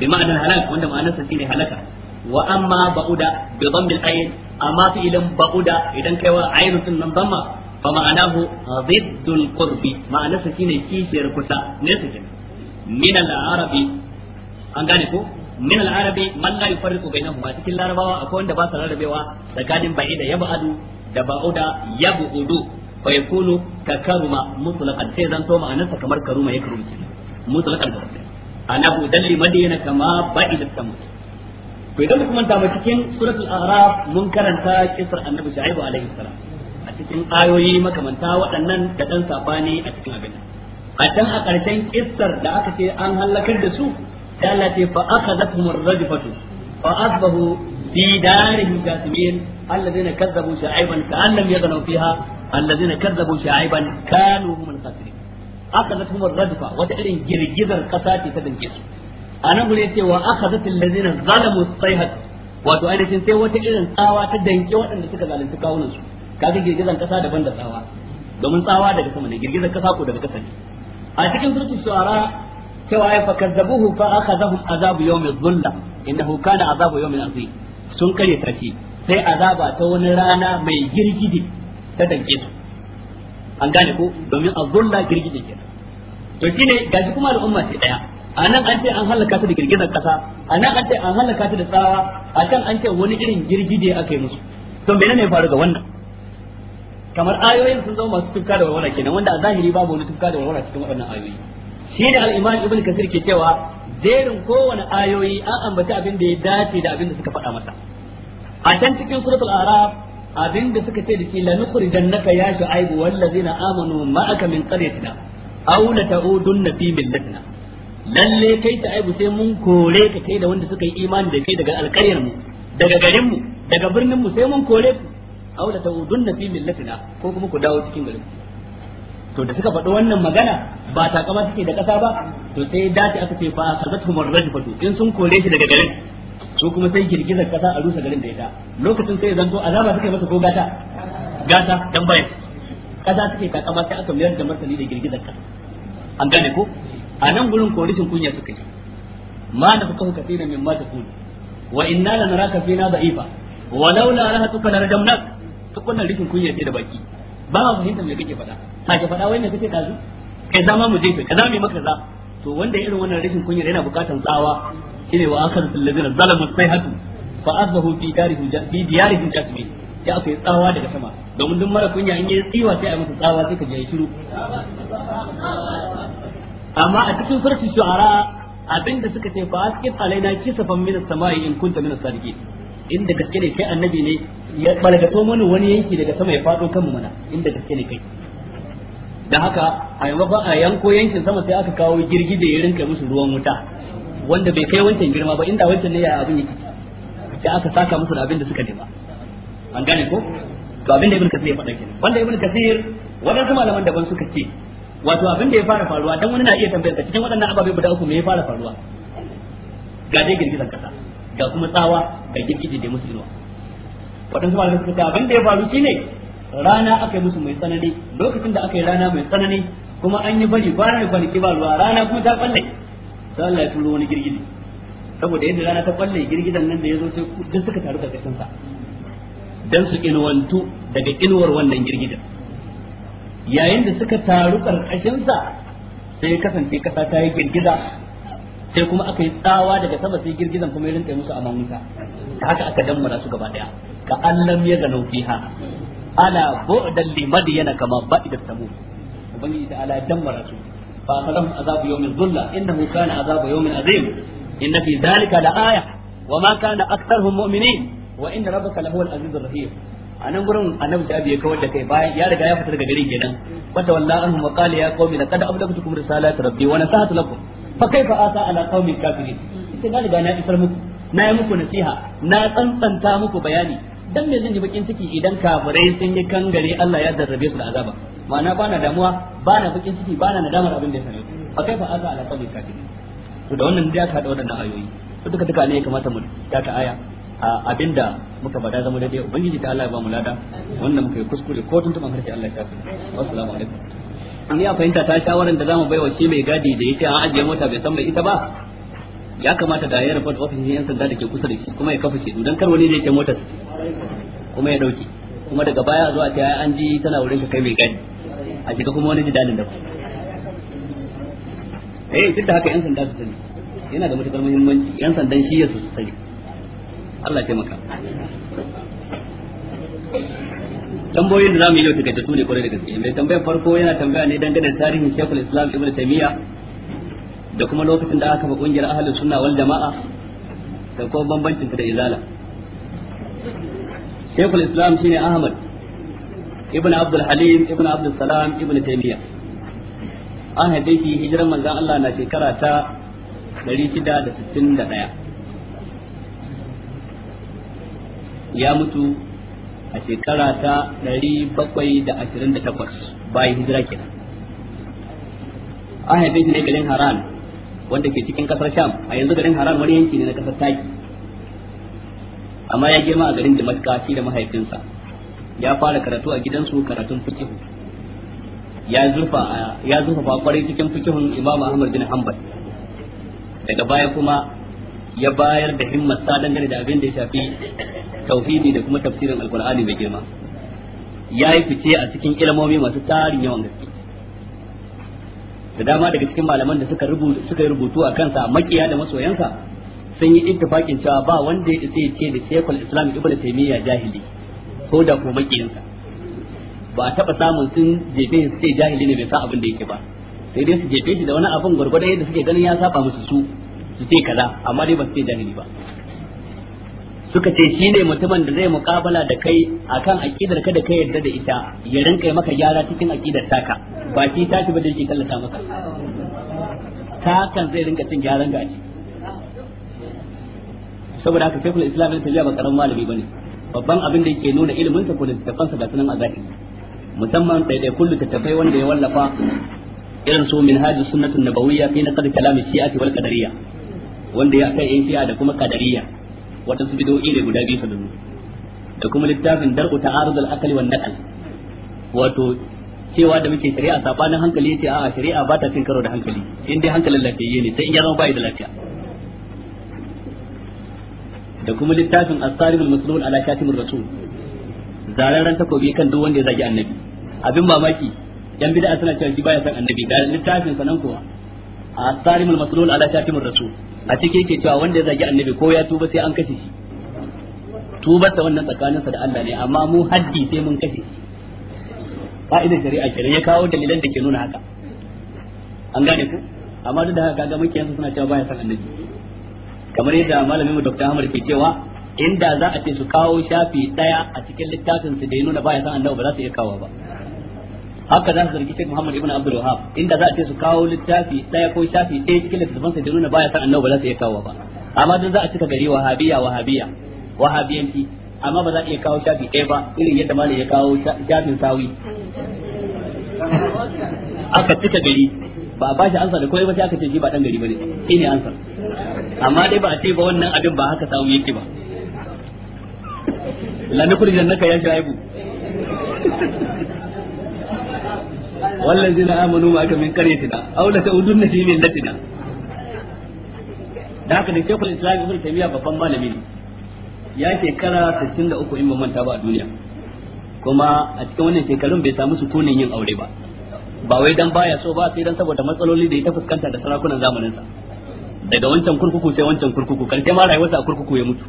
Speaker 1: bi ma'ana halak wanda ma'anarsa shine halaka wa amma ba'uda bi dhammil ayn amma fi'lan ba'uda idan kai wa aynu sun nan dhamma fa ma'anahu ziddul qurbi ma'anarsa shine kishiyar kusa ne su min an gane ko min al-arabi man la yufarriqu bainahuma cikin larabawa akwai wanda ba su rarrabewa tsakanin ba'ida yab'adu da ba'uda yab'udu fa yakunu ka karuma mutlaqan sai zan to ma'anarsa kamar karuma ya karumci mutlaqan ana budalli madina kama ba'ida samu to idan kuma ta cikin suratul a'raf mun karanta kisar annabi shu'aibu alaihi salam a cikin ayoyi makamanta waɗannan da dan sabani a cikin abin a can a ƙarshen kissar da aka ce an halakar da su sai Allah ce fa akhadathum ar-rajfatu fa asbahu fi darihim jasimin alladhina kazzabu shu'aiban ka'annam yadhnu fiha alladhina kazzabu shu'aiban kanu hum al-khasirin akhadathum ar-rajfa wata irin girgizar kasa ce ta dinke su anan gure ce wa akhadathil ladina zalamu as-sayhat wato ainihin sai wata irin tsawa ta danke waɗanda suka zalunci kawunan su kaga girgizar kasa daban da tsawa domin tsawa daga sama ne girgizar kasa ko daga kasa ne a cikin surtu shu'ara cewa ai fa fa akhadhahum azabu yawmi dhulla innahu kana azabu yawmi azim sun kare tashi sai azaba ta wani rana mai girgide ta danke su an gane ko domin azulla girgide ke to shine gashi kuma al'umma sai daya anan an ce an halaka ta da girgizar kasa anan an ce an halaka ta da tsawa a can an ce wani irin girgide aka yi musu to menene ne faru ga wannan kamar ayoyin sun zama masu tufka da walwala kenan wanda a zahiri babu wani tufka da walwala cikin waɗannan ayoyi shi ne al'imman ibn kasir ke cewa jerin kowane ayoyi an ambata abin da ya dace da abin da suka faɗa masa a can cikin suratul araf abin da suka ce da shi lanukhrijannaka ya shu'aibu na amanu ma'aka min qaryatina aw la ta'udunna fi millatina lalle kai ta aibu sai mun kore ka kai da wanda suka yi imani da kai daga alƙaryar mu daga garin mu daga birnin mu sai mun kore ku aw la ta'udunna fi millatina ko kuma ku dawo cikin garin mu to da suka faɗi wannan magana ba ta kama take da ƙasa ba to sai dace aka ce fa asabathum ar-rajfatu in sun kore shi daga garin su kuma sai girgizar ƙasa a rusa garin da ita lokacin sai zanto azaba suke masa ko gata gata dan bayan ƙasa suke kama sai aka miyar da martani da girgizar ƙasa an gane ko a nan gurin korishin kunya suka yi ma da fuka fuka tsina min ma ta kudu wa inna lanaraka fina da'ifa walaula rahatuka larjamnak to wannan rishin kunya ce da baki ba ma fahimtar me kake faɗa sake faɗa wai me kake dazu kai zama mu jefe kaza me maka za to wanda irin wannan rashin kunya yana bukatar tsawa shine wa akhadul ladina zalamu sayhatu fa azahu fi darihi fi diyarihim kasbi ya akai tsawa daga sama domin duk mara kunya in yayi tsiwa sai a masa tsawa sai ka ji shiru amma a cikin surati shu'ara abinda suka ce fa asqit alaina kisafan min as-sama'i in kunta min as-sadiqin inda gaske ne kai annabi ne ya balagato mana wani yanki daga sama ya fado kanmu mana inda gaske ne kai da haka a maimakon a yanko yankin sama sai aka kawo girgije ya rinka musu ruwan wuta wanda bai kai wancan girma ba inda wancan ne ya abin yake sai aka saka musu da abin da suka nema an gane ko to abin da ibn kasir ya faɗa kenan wanda ibn kasir wadansu malaman daban suka ce wato abin da ya fara faruwa dan wani na iya tambayar ka cikin waɗannan ababe guda uku me ya fara faruwa ga dai girgizan kasa ga kuma tsawa ga girgije da musu inuwa waɗansu malamai suka da ya faru shine rana aka yi musu mai tsanani lokacin da aka yi rana mai tsanani kuma an yi bari kwana da kwanaki ba ruwa rana kuma ta balle sai Allah ya turo wani girgije saboda yadda rana ta kwalle girgidan nan da ya zo sai duk suka taru ga kasansa dan su inuwantu daga inuwar wannan girgidan yayin da suka taru karkashin sa sai kasance kasa ta yi girgiza sai kuma aka yi tsawa daga sama sai girgizan kuma ya rinka musu a mamusa haka aka dammara su gaba daya ka allam ya zanau fiha ala bu'dan li madyana kama ba'idat samud ubangiji ta ala dammara su fa salam azabu yawmin dhulla innahu kana azabu yawmin azim inna fi dhalika la aya wa ma kana aktharuhum mu'minin wa inna rabbaka lahuwal azizur rahim a nan gurin annabi shabi ya kawar da kai bayan ya riga ya fita daga garin kenan wata wallahi anhum wa qala ya qaumi laqad ablaghtukum risalati rabbi wa nasahatu lakum fa kaifa asa ala qaumin kafirin sai na riga na isar muku na yi muku nasiha na tsantsanta muku bayani dan me zan yi bakin ciki idan kafirai sun yi kangare Allah ya zarrabe su da azaba ma'ana bana damuwa bana bakin ciki bana nadamar abin da ya same fa kaifa asa ala qaumin kafirin to da wannan da aka da wannan ayoyi to duka duka ne ya kamata mu ka aya a abinda muka bada zama daidai ubangiji ta Allah ya ba mu lada wannan muka yi kuskure ko tuntuban harshe Allah ya shafi wassalamu alaikum ni a fahimta ta shawarar da zamu baiwa shi mai gadi da yake an ajiye mota bai san mai ita ba ya kamata da ya rubuta ofishin yan sanda da ke kusa da shi kuma ya kafa shi dan kar wani ne ke motar kuma ya dauke kuma daga baya zuwa ta an ji tana wurin ka kai mai gadi a shiga kuma wani jidalin da ku eh duk da haka yan sanda su sani yana da matukar muhimmanci yan sandan shi ya su sani Allah ya taimaka tambayoyin da zamu yi yau take su ne kwarai da gaske mai tambayar farko yana tambaya ne dangane da tarihin Sheikhul Islam Ibn Taymiyyah da kuma lokacin da aka kafa kungiyar Ahlus Sunna wal Jama'a da kuma bambancin da Izala Sheikhul Islam shine Ahmad Ibn Abdul Halim Ibn Abdul Salam Ibn Taymiyyah an haife shi hijiran manzon Allah na shekara ta 661 ya mutu a shekara ta 728 bayan hijira kenan a haife shi ne garin Haran wanda ke cikin kasar Sham a yanzu garin Haran wani yanki ne na kasar Taki amma ya girma a garin Damascus shi da mahaifinsa ya fara karatu a gidansu karatun fikihu ya zurfa ya cikin fikihun Imam Ahmad bin Hanbal daga baya kuma ya bayar da himmar sa dangane da abin da ya shafi tauhidi da kuma tafsirin alkur'ani mai girma yayi fice a cikin ilmomi masu tarin yawan gaske da dama daga cikin malaman da suka rubuta suka yi rubutu a kansa makiya da masoyansa sun yi ittifakin cewa ba wanda ya ce ce da shekul islam ibnu taymiya jahili ko da ko makiyansa ba a taba samun sun jefe su ce jahili ne bai sa abin da yake ba sai dai su jefe shi da wani abin gwargwadon yadda suke ganin ya saba musu su su ce kaza amma dai ba su ce jahili ba suka ce shi ne mutumin da zai mukabala da kai akan akidar ka da kai yadda da ita ya rinka maka gyara cikin akidar taka ba shi ta ci ba da tallata maka takan zai rinka cin gyaran gaji saboda haka shekul islam ibn tabiya ba karamin malami bane babban abin da yake nuna ilimin sa ko littafansa da sunan azaki musamman daidai kullu tattafai wanda ya wallafa irin su minhajus sunnatun nabawiyya fi naqd kalam shi'ati wal qadariyya wanda ya kai in shi'a da kuma qadariyya waɗansu bid'o'i ne guda biyu sanannu da kuma littafin dar'u ta'arudul akali wan naqal wato cewa da muke shari'a sabanin hankali yace a'a shari'a ba ta cin karo da hankali in dai hankalin lafiyayye ne sai in ya zama bai da lafiya da kuma littafin as-sarim al-maslul ala shatimir rasul zararren takobi kan duk wanda ya zagi annabi abin mamaki yan bid'a suna cewa shi baya san annabi da littafin sanan kuwa asarimul masrul ala shatimur rasul a cikin yake cewa wanda ya zagi annabi ko ya tuba sai an kashe shi tubar ta wannan sa da Allah ne amma mu haddi sai mun kashe shi fa'ida shari'a kenan ya kawo dalilan da ke nuna haka an gane ku amma duk da haka ga muke yanzu suna cewa baya san annabi kamar yadda malamin mu Dr. Ahmad ke cewa inda za a ce su kawo shafi daya a cikin littafin su da ya nuna baya san annabi ba za su iya kawo ba haka za su zargi Sheikh Muhammad ibn Abdul Wahhab inda za a ce su kawo littafi daya ko shafi daya cikin littafin sa da nuna baya san annabi ba za su iya kawo ba amma dan za a cika gari wahabiya wahabiya wahabiyanti amma ba za a iya kawo shafi daya ba irin yadda malam ya kawo shafin sawi aka cika gari ba a bashi ansa da koyi ba sai aka ce shi ba dan gari bane shine ansa
Speaker 3: amma dai ba a ce ba wannan abin
Speaker 1: ba haka sawi yake ba
Speaker 3: la jannaka ya shaibu zina والذين
Speaker 1: آمنوا معك من قريتنا أو لتعودن في ملتنا da haka da shekul islam ibn taymiya babban malami ne ya shekara 63 in ba manta ba a duniya kuma a cikin wannan shekarun bai samu sukunin yin aure ba ba wai dan baya so ba sai dan saboda matsaloli da ya ta fuskanta da sarakunan zamaninsa daga wancan kurkuku sai wancan kurkuku karshe ma rayuwarsa a kurkuku ya mutu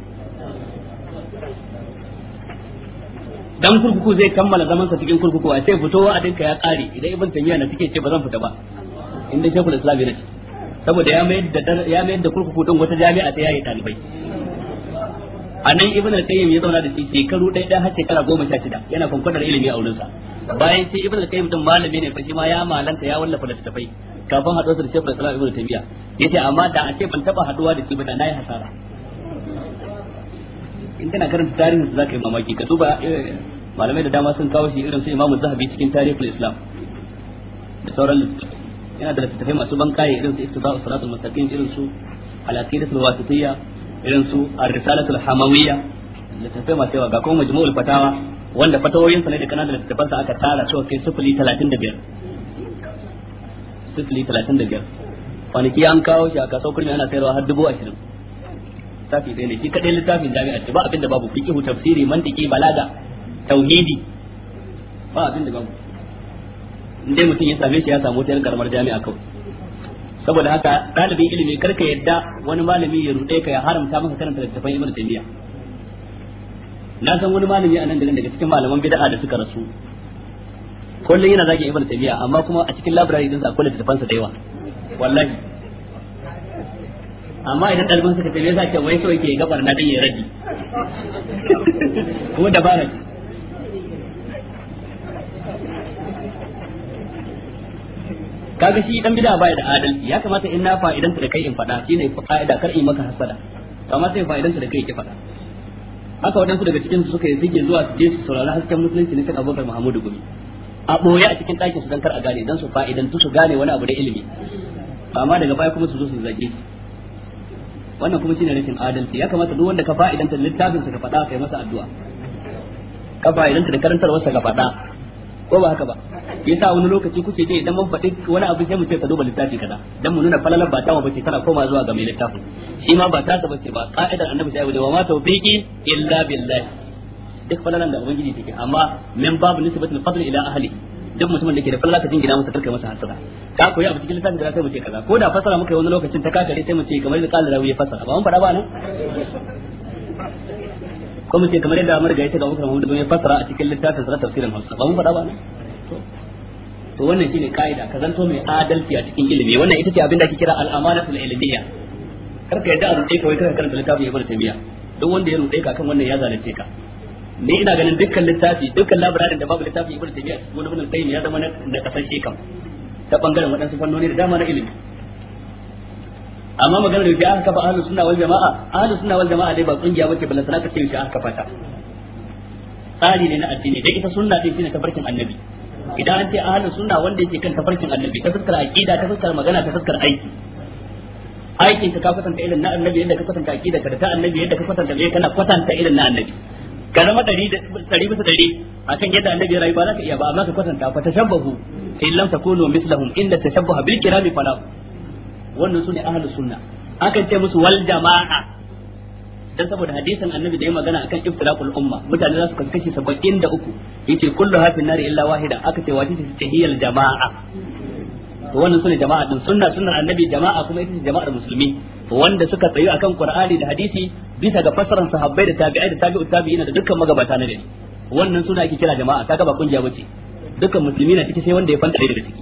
Speaker 1: dan kurkuku zai kammala zaman sa cikin kurkuku a ce fitowa a dinka ya kare idan ibn tamiya na take ce ba zan fita ba inda shekul islam yana saboda ya mayar da ya mayar da kurkuku don wata jami'a ta yayi talibai a nan ibn al-qayyim ya zauna da shi shekaru ɗaya ɗaya har shekara goma sha shida yana kwankwadar ilimi a wurinsa bayan sai ibn al-qayyim din malami ne fa shi ma ya malanta ya wallafa littattafai kafin haɗuwar da shekul islam ibn tamiya yace amma da a ce ban taba haɗuwa da shi ba da nayi hasara in kana karanta tarihin su zaka yi mamaki ka duba eh, malamai da dama sun kawo shi irin su Imam Zahabi cikin tarihul Islam da sauran littattafai yana da littattafai masu bankaye irin su Iqtida'u Siratul Mustaqim irin su Al-Aqidatul Wasitiyya irin su Ar-Risalatul Hamawiyya littattafai masu yawa ga kuma Majmu'ul Fatawa wanda fatawoyin sa ne da kananan littattafan sa aka tara su kai sifili 35 sifili 35 kwanaki an kawo shi a kasuwar kurmi ana sayarwa har dubu ashirin littafi ɗaya ne shi kadai littafin jami'ar ba abinda babu fiqh tafsiri mantiki balaga tauhidi ba abinda babu indai mutum ya same shi ya samu wata karamar jami'a kawai saboda haka ɗalibin ilimi karka yadda wani malami ya ruɗe ka ya haramta maka karanta littafin ibnu taymiya na san wani malami a nan garin daga cikin malaman bid'a da suka rasu kullum yana zagin ibnu taymiya amma kuma a cikin library din sa akwai littafansa da yawa wallahi
Speaker 3: amma idan ɗalibin suka ce me yasa ke wai so yake
Speaker 1: gabar na dan ya rabi ko da dabara kaga shi dan bid'a bai da adalci ya kamata in na fa'idan ta da kai in fada shine fa'ida kar in maka hasada amma sai fa'idan ta da kai ki fada haka wadansu daga cikin su suka yi zige zuwa su je su saurari hasken musulunci ne kan Abubakar Muhammadu Gumi a boye a cikin ɗakin su dan kar a gane dan su fa'idan su gane wani abu da ilimi amma daga baya kuma su zo su zage shi wannan kuma shine rashin adalci ya kamata duk wanda ka fa'idanta littafin sa ka faɗa kai masa addu'a ka fa'idanta da karantarwar wasa ka faɗa ko ba haka ba yasa wani lokaci kuke je idan mun faɗi wani abu sai mu ce ka duba littafi kaza dan mu nuna falalar ba ta mu bace tana koma zuwa ga mai littafin shi ma ba ta ta bace ba ka'idar annabi sai wa ma tawfiqi illa billah duk falalan da ubangiji take amma min babu nisbatul fadl ila ahli duk mutumin da ke da falla ka jingina masa karka masa hasara ka koyi abu cikin lissafin da sai mu ce kaza ko da fasara muka yi wani lokacin ta kakare sai mu ce kamar da kalin rawi ya fasara ba mun faɗa ba nan ko mu ce kamar yadda Amar ga ita ga mutum da ya fasara a cikin littafin sa tafsirin Hausa ba mun faɗa ba nan to wannan shine kaida ka zanto mai adalci a cikin ilimi wannan ita ce abin da ake kira al-amanatul ilmiya karka yadda a rubuce kawai kana karanta littafin Ibn Taymiyyah duk wanda ya rubuce ka kan wannan ya zalunce ka ni ina ganin dukkan littafi dukkan labirarin da babu littafi ibnu taymiya ko ibnu qayyim ya zama na shi kam ta bangaren wadansu fannoni da dama na ilimi amma maganar da aka kafa ahlus sunna wal jamaa ahlus sunna wal jamaa dai ba kungiya bace balan sanaka ce shi aka kafa ta tsari ne na addini da ita sunna din shine tafarkin annabi idan an ce ahlus sunna wanda yake kan tafarkin annabi ta fuskar aqida ta fuskar magana ta fuskar aiki aikin ka ka ta irin na annabi yadda ka kwatanta aqida ka da ta annabi yadda ka kwatanta me kana kwatanta irin na annabi ka zama ɗari bisa ɗari akan yadda annabi ya rayu ba za ka iya ba amma ka kwatanta fa tashabbahu in lam takunu mislahum inda tashabbaha bil kirami fala wannan sune ahlus sunna akan ce musu wal jama'a dan saboda hadisin annabi da ya magana akan iftiraqul umma mutane za su kaskashi 73 yace kullu hafin nari illa wahida aka ce wace ce tahiyal jama'a to wannan sune jama'a din sunna sunnar annabi jama'a kuma ita ce jama'ar musulmi wanda suka tsayu akan qur'ani da hadisi bisa ga fasaran sahabbai da tabi'ai da tabi'u tabi'ina da dukkan magabata na gari wannan suna ake kira jama'a kaga ba kungiya bace dukkan musulmi na ciki sai wanda ya fanta daga ciki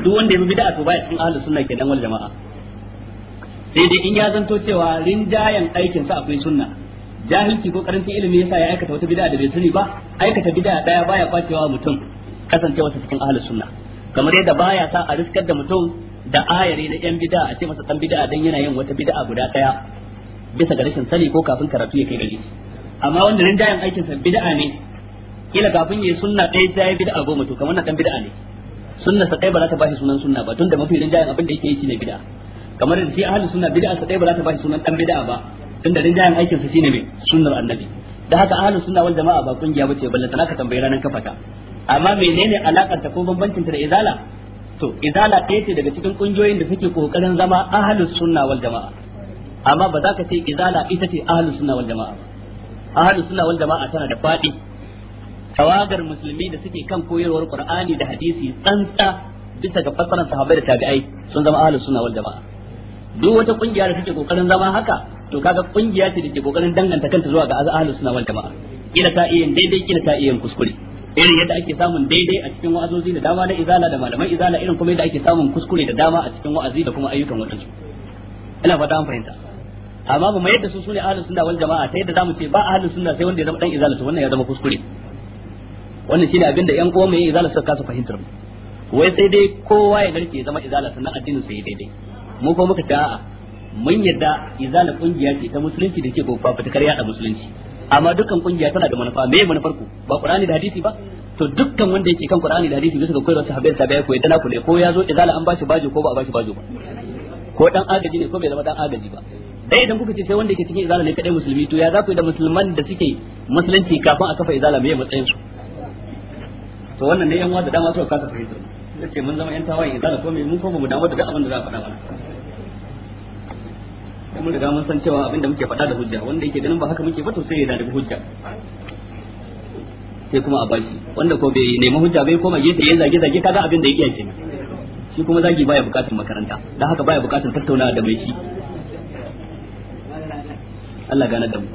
Speaker 1: duk wanda ya bid'a to baya cikin ahlus sunna kenan wal jama'a sai dai in ya zanto cewa rinjayen aikin sa akwai sunna jahilci ko karancin ilimi yasa ya aikata wata bid'a da bai sani ba aikata bid'a daya baya kwacewa mutum kasancewa cikin ahlus sunna kamar yadda baya sa a riskar da mutum da ayari na yan bid'a a ce masa dan bid'a dan yana yin wata bid'a guda daya bisa ga rashin sani ko kafin karatu ya kai gari amma wanda nan dayan aikin sa bid'a ne kila kafin yayi sunna ɗaya sai ya bid'a go mutum kamar na dan bid'a ne sunna sa kai ba za ta bashi sunan sunna ba tunda mafi rinjayen abin da yake yi shine bid'a kamar da shi ahlus sunna bid'a sa kai ba za ta bashi sunan dan bid'a ba tunda rinjayen aikin sa shine mai sunnar annabi da haka ahlus sunna wal jama'a ba kungiya bace balle tana ka tambayi ranan kafata amma menene alakanta ko bambancin ta da izala to izala ɗaya ce daga cikin kungiyoyin da suke kokarin zama ahlus sunna wal jama'a amma ba za ka ce izala ita ce ahlus sunna wal jama'a ahlus sunna wal jama'a tana da fadi tawagar musulmi da suke kan koyarwar qur'ani da hadisi tsantsa bisa ga fassarar sahabbai da tabi'ai sun zama ahlus sunna wal jama'a duk wata kungiya da take kokarin zama haka to kaga kungiya ce da ke kokarin danganta kanta zuwa ga ahlus sunna wal jama'a kila ta iya daidai kila ta iya kuskure irin yadda ake samun daidai a cikin wa'azozi da dama na izala da malamai izala irin kuma yadda ake samun kuskure da dama a cikin wa'azi da kuma ayyukan wadansu ina fata an fahimta amma ba mai yadda su sune ahlus sunna wal jama'a ta yadda zamu ce ba ahlus sunna sai wanda ya zama dan izala to wannan ya zama kuskure wannan shine abin da yan uwa mai izala suka kasa fahimtar mu wai sai dai kowa ya garke ya zama izala sannan addinin sai daidai mu ko muka ce a'a mun yadda izala kungiya ce ta musulunci da ke fafutukar yada musulunci amma dukkan kungiya tana da manufa me manufar ku ba qur'ani da hadisi ba to dukkan wanda yake kan qur'ani da hadisi bisa ga koyarwar sahabbai sabai ko yadda ku ne ko ya zo izala an bashi bajo ko ba a bashi bajo ba ko dan agaji ne ko bai zama dan agaji ba dai idan kuka ce sai wanda yake cikin izala ne kadai musulmi to ya za ku da musulman da suke musulunci kafin a kafa izala me matsayin su to wannan ne yan uwa da dama suka kasa fahimta ce mun zama yan tawaye izala ko me mun ko mu damu da duk abin da za a faɗa mana kuma riga mun san cewa abinda muke faɗa da hujja wanda yake ganin ba haka muke ba to sai ya da hujja sai kuma a baki wanda ko bai nemi hujja bai koma gefe ya zage zage kaga abinda da yake kenan shi kuma zagi baya bukatun makaranta dan haka baya bukatun tattaunawa da mai shi Allah gane da mu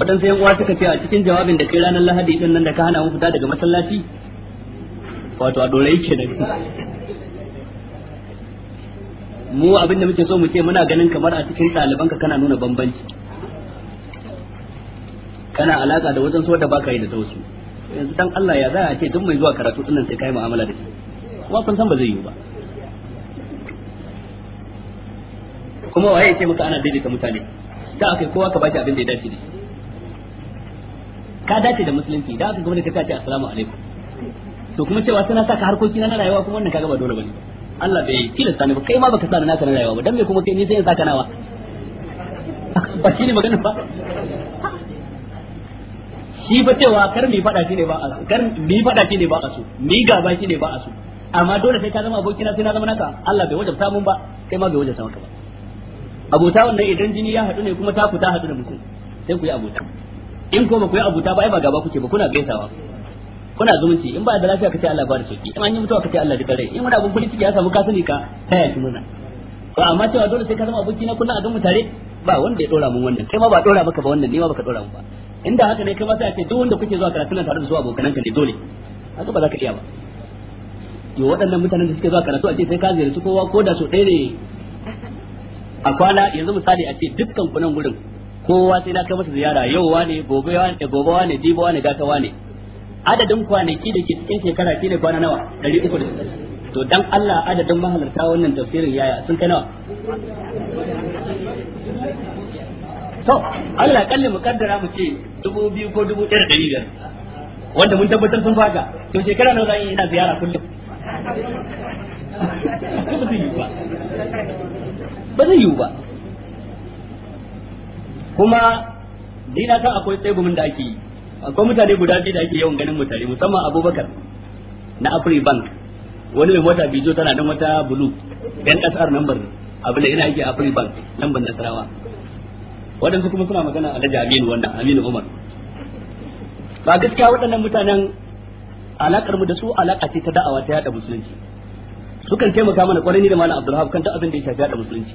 Speaker 1: waɗansu yan uwa suka ce a cikin jawabin da kai ranar Lahadi din nan da ka hana mu fita daga masallaci wato a dorai kenan mu abin da muke so mu ce muna ganin kamar a cikin ɗaliban ka kana nuna bambanci kana alaka da wajen so da baka yi da ta wasu yanzu dan Allah ya za a ce duk mai zuwa karatu dinnan sai kai mu'amala da shi kuma kun san ba zai yi ba
Speaker 3: kuma waye ya ce maka
Speaker 1: ana daidaita mutane ta aka kowa ka bashi abin da ya dace da shi ka dace da musulunci da aka gwamnati ta ce assalamu alaikum to kuma cewa suna ka harkoki na rayuwa kuma wannan kaga ba dole bane Allah bai tilasta ni ba kai ma baka sa na na rayuwa ba dan me kuma kai ni sai in saka nawa ba shi ne magana ba shi ba cewa kar mi fada shi ne ba a kar mi fada shi ne ba a so mi gaba shi ne ba a so amma dole sai ka zama abokina sai na zama naka Allah bai wajabta mun ba kai ma bai wajabta maka ba abota wannan idan jini ya haɗu ne kuma ta ku ta hadu da mutum sai ku yi abota in ko ba ku yi abota ba ai ba gaba kuke ba kuna gaisawa kuna zumunci in ba da lafiya ka ce Allah ba da sauki in an yi mutuwa ka ce Allah da rai in wani abun kuli ciki ya samu ka sani ka taya ki muna to amma cewa dole sai ka zama aboki na kullum a zumunta tare ba wanda ya dora mun wannan kai ma ba dora maka ba wannan ni ma baka dora mun ba inda haka ne kai ma sai a ce duk wanda kuke zuwa karatu nan tare da zuwa abokanan ka ne dole haka ba za ka iya ba yo waɗannan mutanen da suke zuwa karatu a ce sai ka ziyarci kowa ko da su ɗaya ne a kwana yanzu misali a ce dukkan kunan gurin kowa sai na kai masa ziyara yau wane gobe wane gobe wane jibo wane gata wane adadin kwanaki da ke cikin shekara shi ne kwana nawa ɗari uku da to dan Allah adadin mahalarta wannan tafsirin yaya sun kai nawa
Speaker 3: to Allah
Speaker 1: kalli mu kaddara mu ce dubu biyu ko dubu ɗaya da ɗari biyar wanda mun tabbatar sun faga to shekara nawa zan yi ina ziyara kullum ba zai yiwu ba kuma dina ta akwai tsegumin da ake yi akwai mutane guda biyu da ake yawan ganin mutane musamman abubakar na afri bank wani mai mota bijo tana nan wata bulu yan kasar nambar abin da ina ake afri bank nambar nasarawa waɗansu kuma suna magana a alhaji aminu wanda aminu umar ba gaskiya waɗannan mutanen alakar mu da su alaka ce ta da'awa ta yada musulunci sukan taimaka mana kwarai da malam abdulhab kan ta abin da ya shafi yada musulunci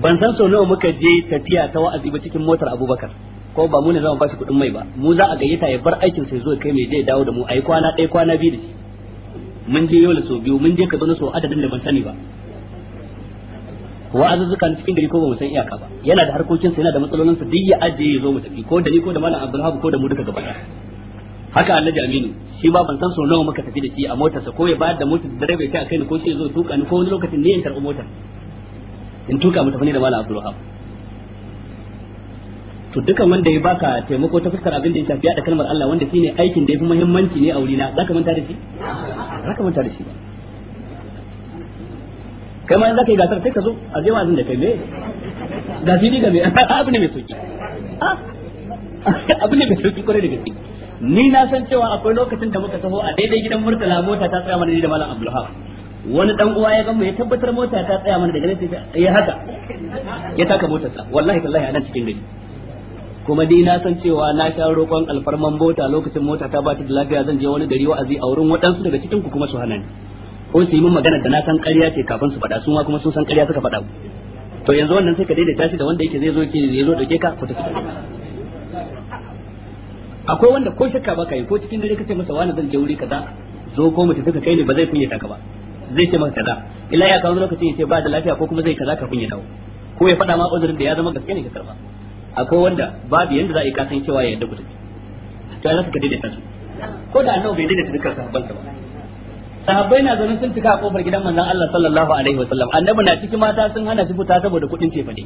Speaker 1: ban san sau nawa muka je tafiya ta wa'azi ba cikin motar abubakar ko ba mu ne zamu bashi kuɗin mai ba mu za a gayyata ya bar aikin sai zo kai mai zai dawo da mu ayi kwana ɗaya kwana biyu da shi mun je yau da sau biyu mun je ka zo so adadin da ban sani ba wa azuzzuka na cikin gari ko ba mu san iyaka ba yana da harkokinsa yana da matsalolinsa duk ya ajiye ya zo mu tafi ko da ni ko da malam abdulhabu ko da mu duka gaba haka alhaji aminu shi ba ban san sau nawa muka tafi da shi a motarsa ko ya bayar da motar da direba ya ce a kai ni ko sai ya zo tuka ni ko wani lokacin ne in karɓi motar in tuka mu tafi ne da malam abdulhabu to dukan wanda ya baka taimako ta fuskar abin da ya shafi da kalmar Allah wanda shine aikin da yafi muhimmanci ne a wurina zaka manta da shi zaka manta da shi kai ma zaka yi gasar sai ka zo a je wazin da kai me
Speaker 3: da fili ga me abu ne mai sauki ah,
Speaker 1: abu ne mai sauki kore da gaske ni na san cewa akwai lokacin da muka taho a daidai gidan murtala mota ta tsaya mana ni da malam Abdulhaq wani dan uwa ya gamu ya tabbatar mota ta tsaya mana daga nan ya haka ya taka motarsa wallahi tallahi a nan cikin gari kuma dai na san cewa na sha roƙon alfarman bota lokacin mota ta bata da lafiya zan je wani gari wa'azi a wurin waɗansu daga cikin ku kuma su hana ni ko su yi min magana da na san ƙarya ce kafin su faɗa su ma kuma sun san ƙarya suka faɗa to yanzu wannan sai ka daidaita shi da wanda yake zai zo ke ya zo dauke ka ku tafi akwai wanda ko shakka baka yi ko cikin dare ka ce masa wani zan je wuri kaza zo ko mutum ka kai ne ba zai ta ka ba zai ce maka kaza illa ya kawo lokacin ya ce ba da lafiya ko kuma zai kaza ka ta ko ya faɗa ma uzurin da ya zama gaske ne ka karba akwai wanda babu yanda za a yi kasan cewa ya yadda ku tafi to Allah suka daidaita su ko da annabi bai daidaita dukkan sahabban ba sahabbai na zaune sun cika a kofar gidan manzon Allah sallallahu alaihi wa sallam annabi na cikin mata sun hana shi fita saboda kudin cefane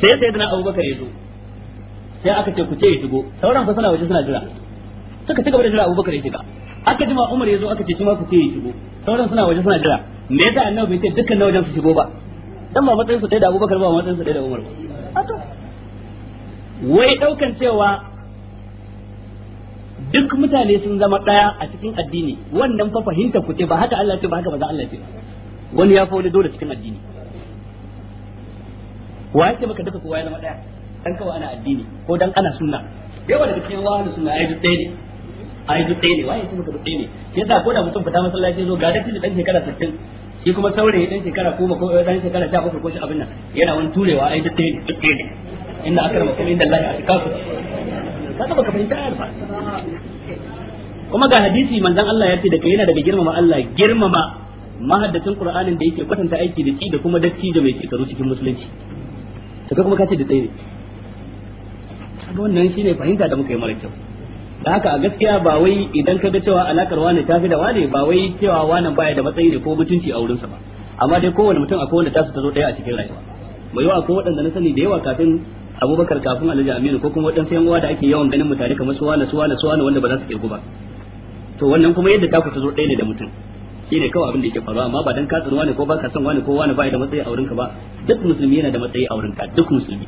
Speaker 1: sai sayyidina Abubakar ya zo sai aka ce ku ce ya shigo sauran fa suna waje suna jira suka ci gaba da jira Abubakar ya shiga aka jima Umar ya zo aka ce kuma ku ce ya shigo sauran suna waje suna jira me yasa annabi bai ce dukkan na wajen su shigo ba dan ba matsayin su da Abubakar ba matsayin su da Umar ba wai daukan cewa duk mutane sun zama daya a cikin addini wannan fa fahimta ku ce ba haka Allah ce ba haka ba za Allah ce wani ya fa dole cikin addini wa yake maka duka kowa ya zama daya dan kawai ana addini ko dan ana sunna dai wanda duk cikin wahalu sunna ai duk ne ai duk ne wa yake maka duk ne yasa ko da mutum fita masallaci zo ga dakin dan shekara 60 shi kuma saurayi dan shekara goma ko eh, dan shekara sha uku ko shi abin nan yana wani turewa ai duk ɗaya duk ɗaya ne inna akramakum inda Allah ya tikaku kaga baka fahimta ya ba kuma ga hadisi manzon Allah ya ce da kai yana daga girmama Allah girmama mahaddacin Qur'anin da yake kwatanta aiki da ci da kuma dacci da mai shekaru cikin musulunci to kuma ka da tsaye ga wannan shine fahimta da muka yi mara kyau da haka a gaskiya ba wai idan ka ga cewa alakar wani tafi da wani ba wai cewa wani baya da matsayi ne ko mutunci a wurinsa ba amma dai kowane mutum akwai wanda tasu ta zo daya a cikin rayuwa mai yawa akwai waɗanda na sani da yawa kafin abubakar kafin alhaji aminu ko kuma waɗansu yan uwa da ake yawan ganin mutane kamar su wani su wani su wani wanda ba za su kirgu ba to wannan kuma yadda taku ta zo ɗaya ne da mutum ne kawai abin da yake faruwa amma ba dan ka tsaro wani ko ba ka son wani ko wani baya da matsayi a wurinka ba duk musulmi yana da matsayi a wurinka duk musulmi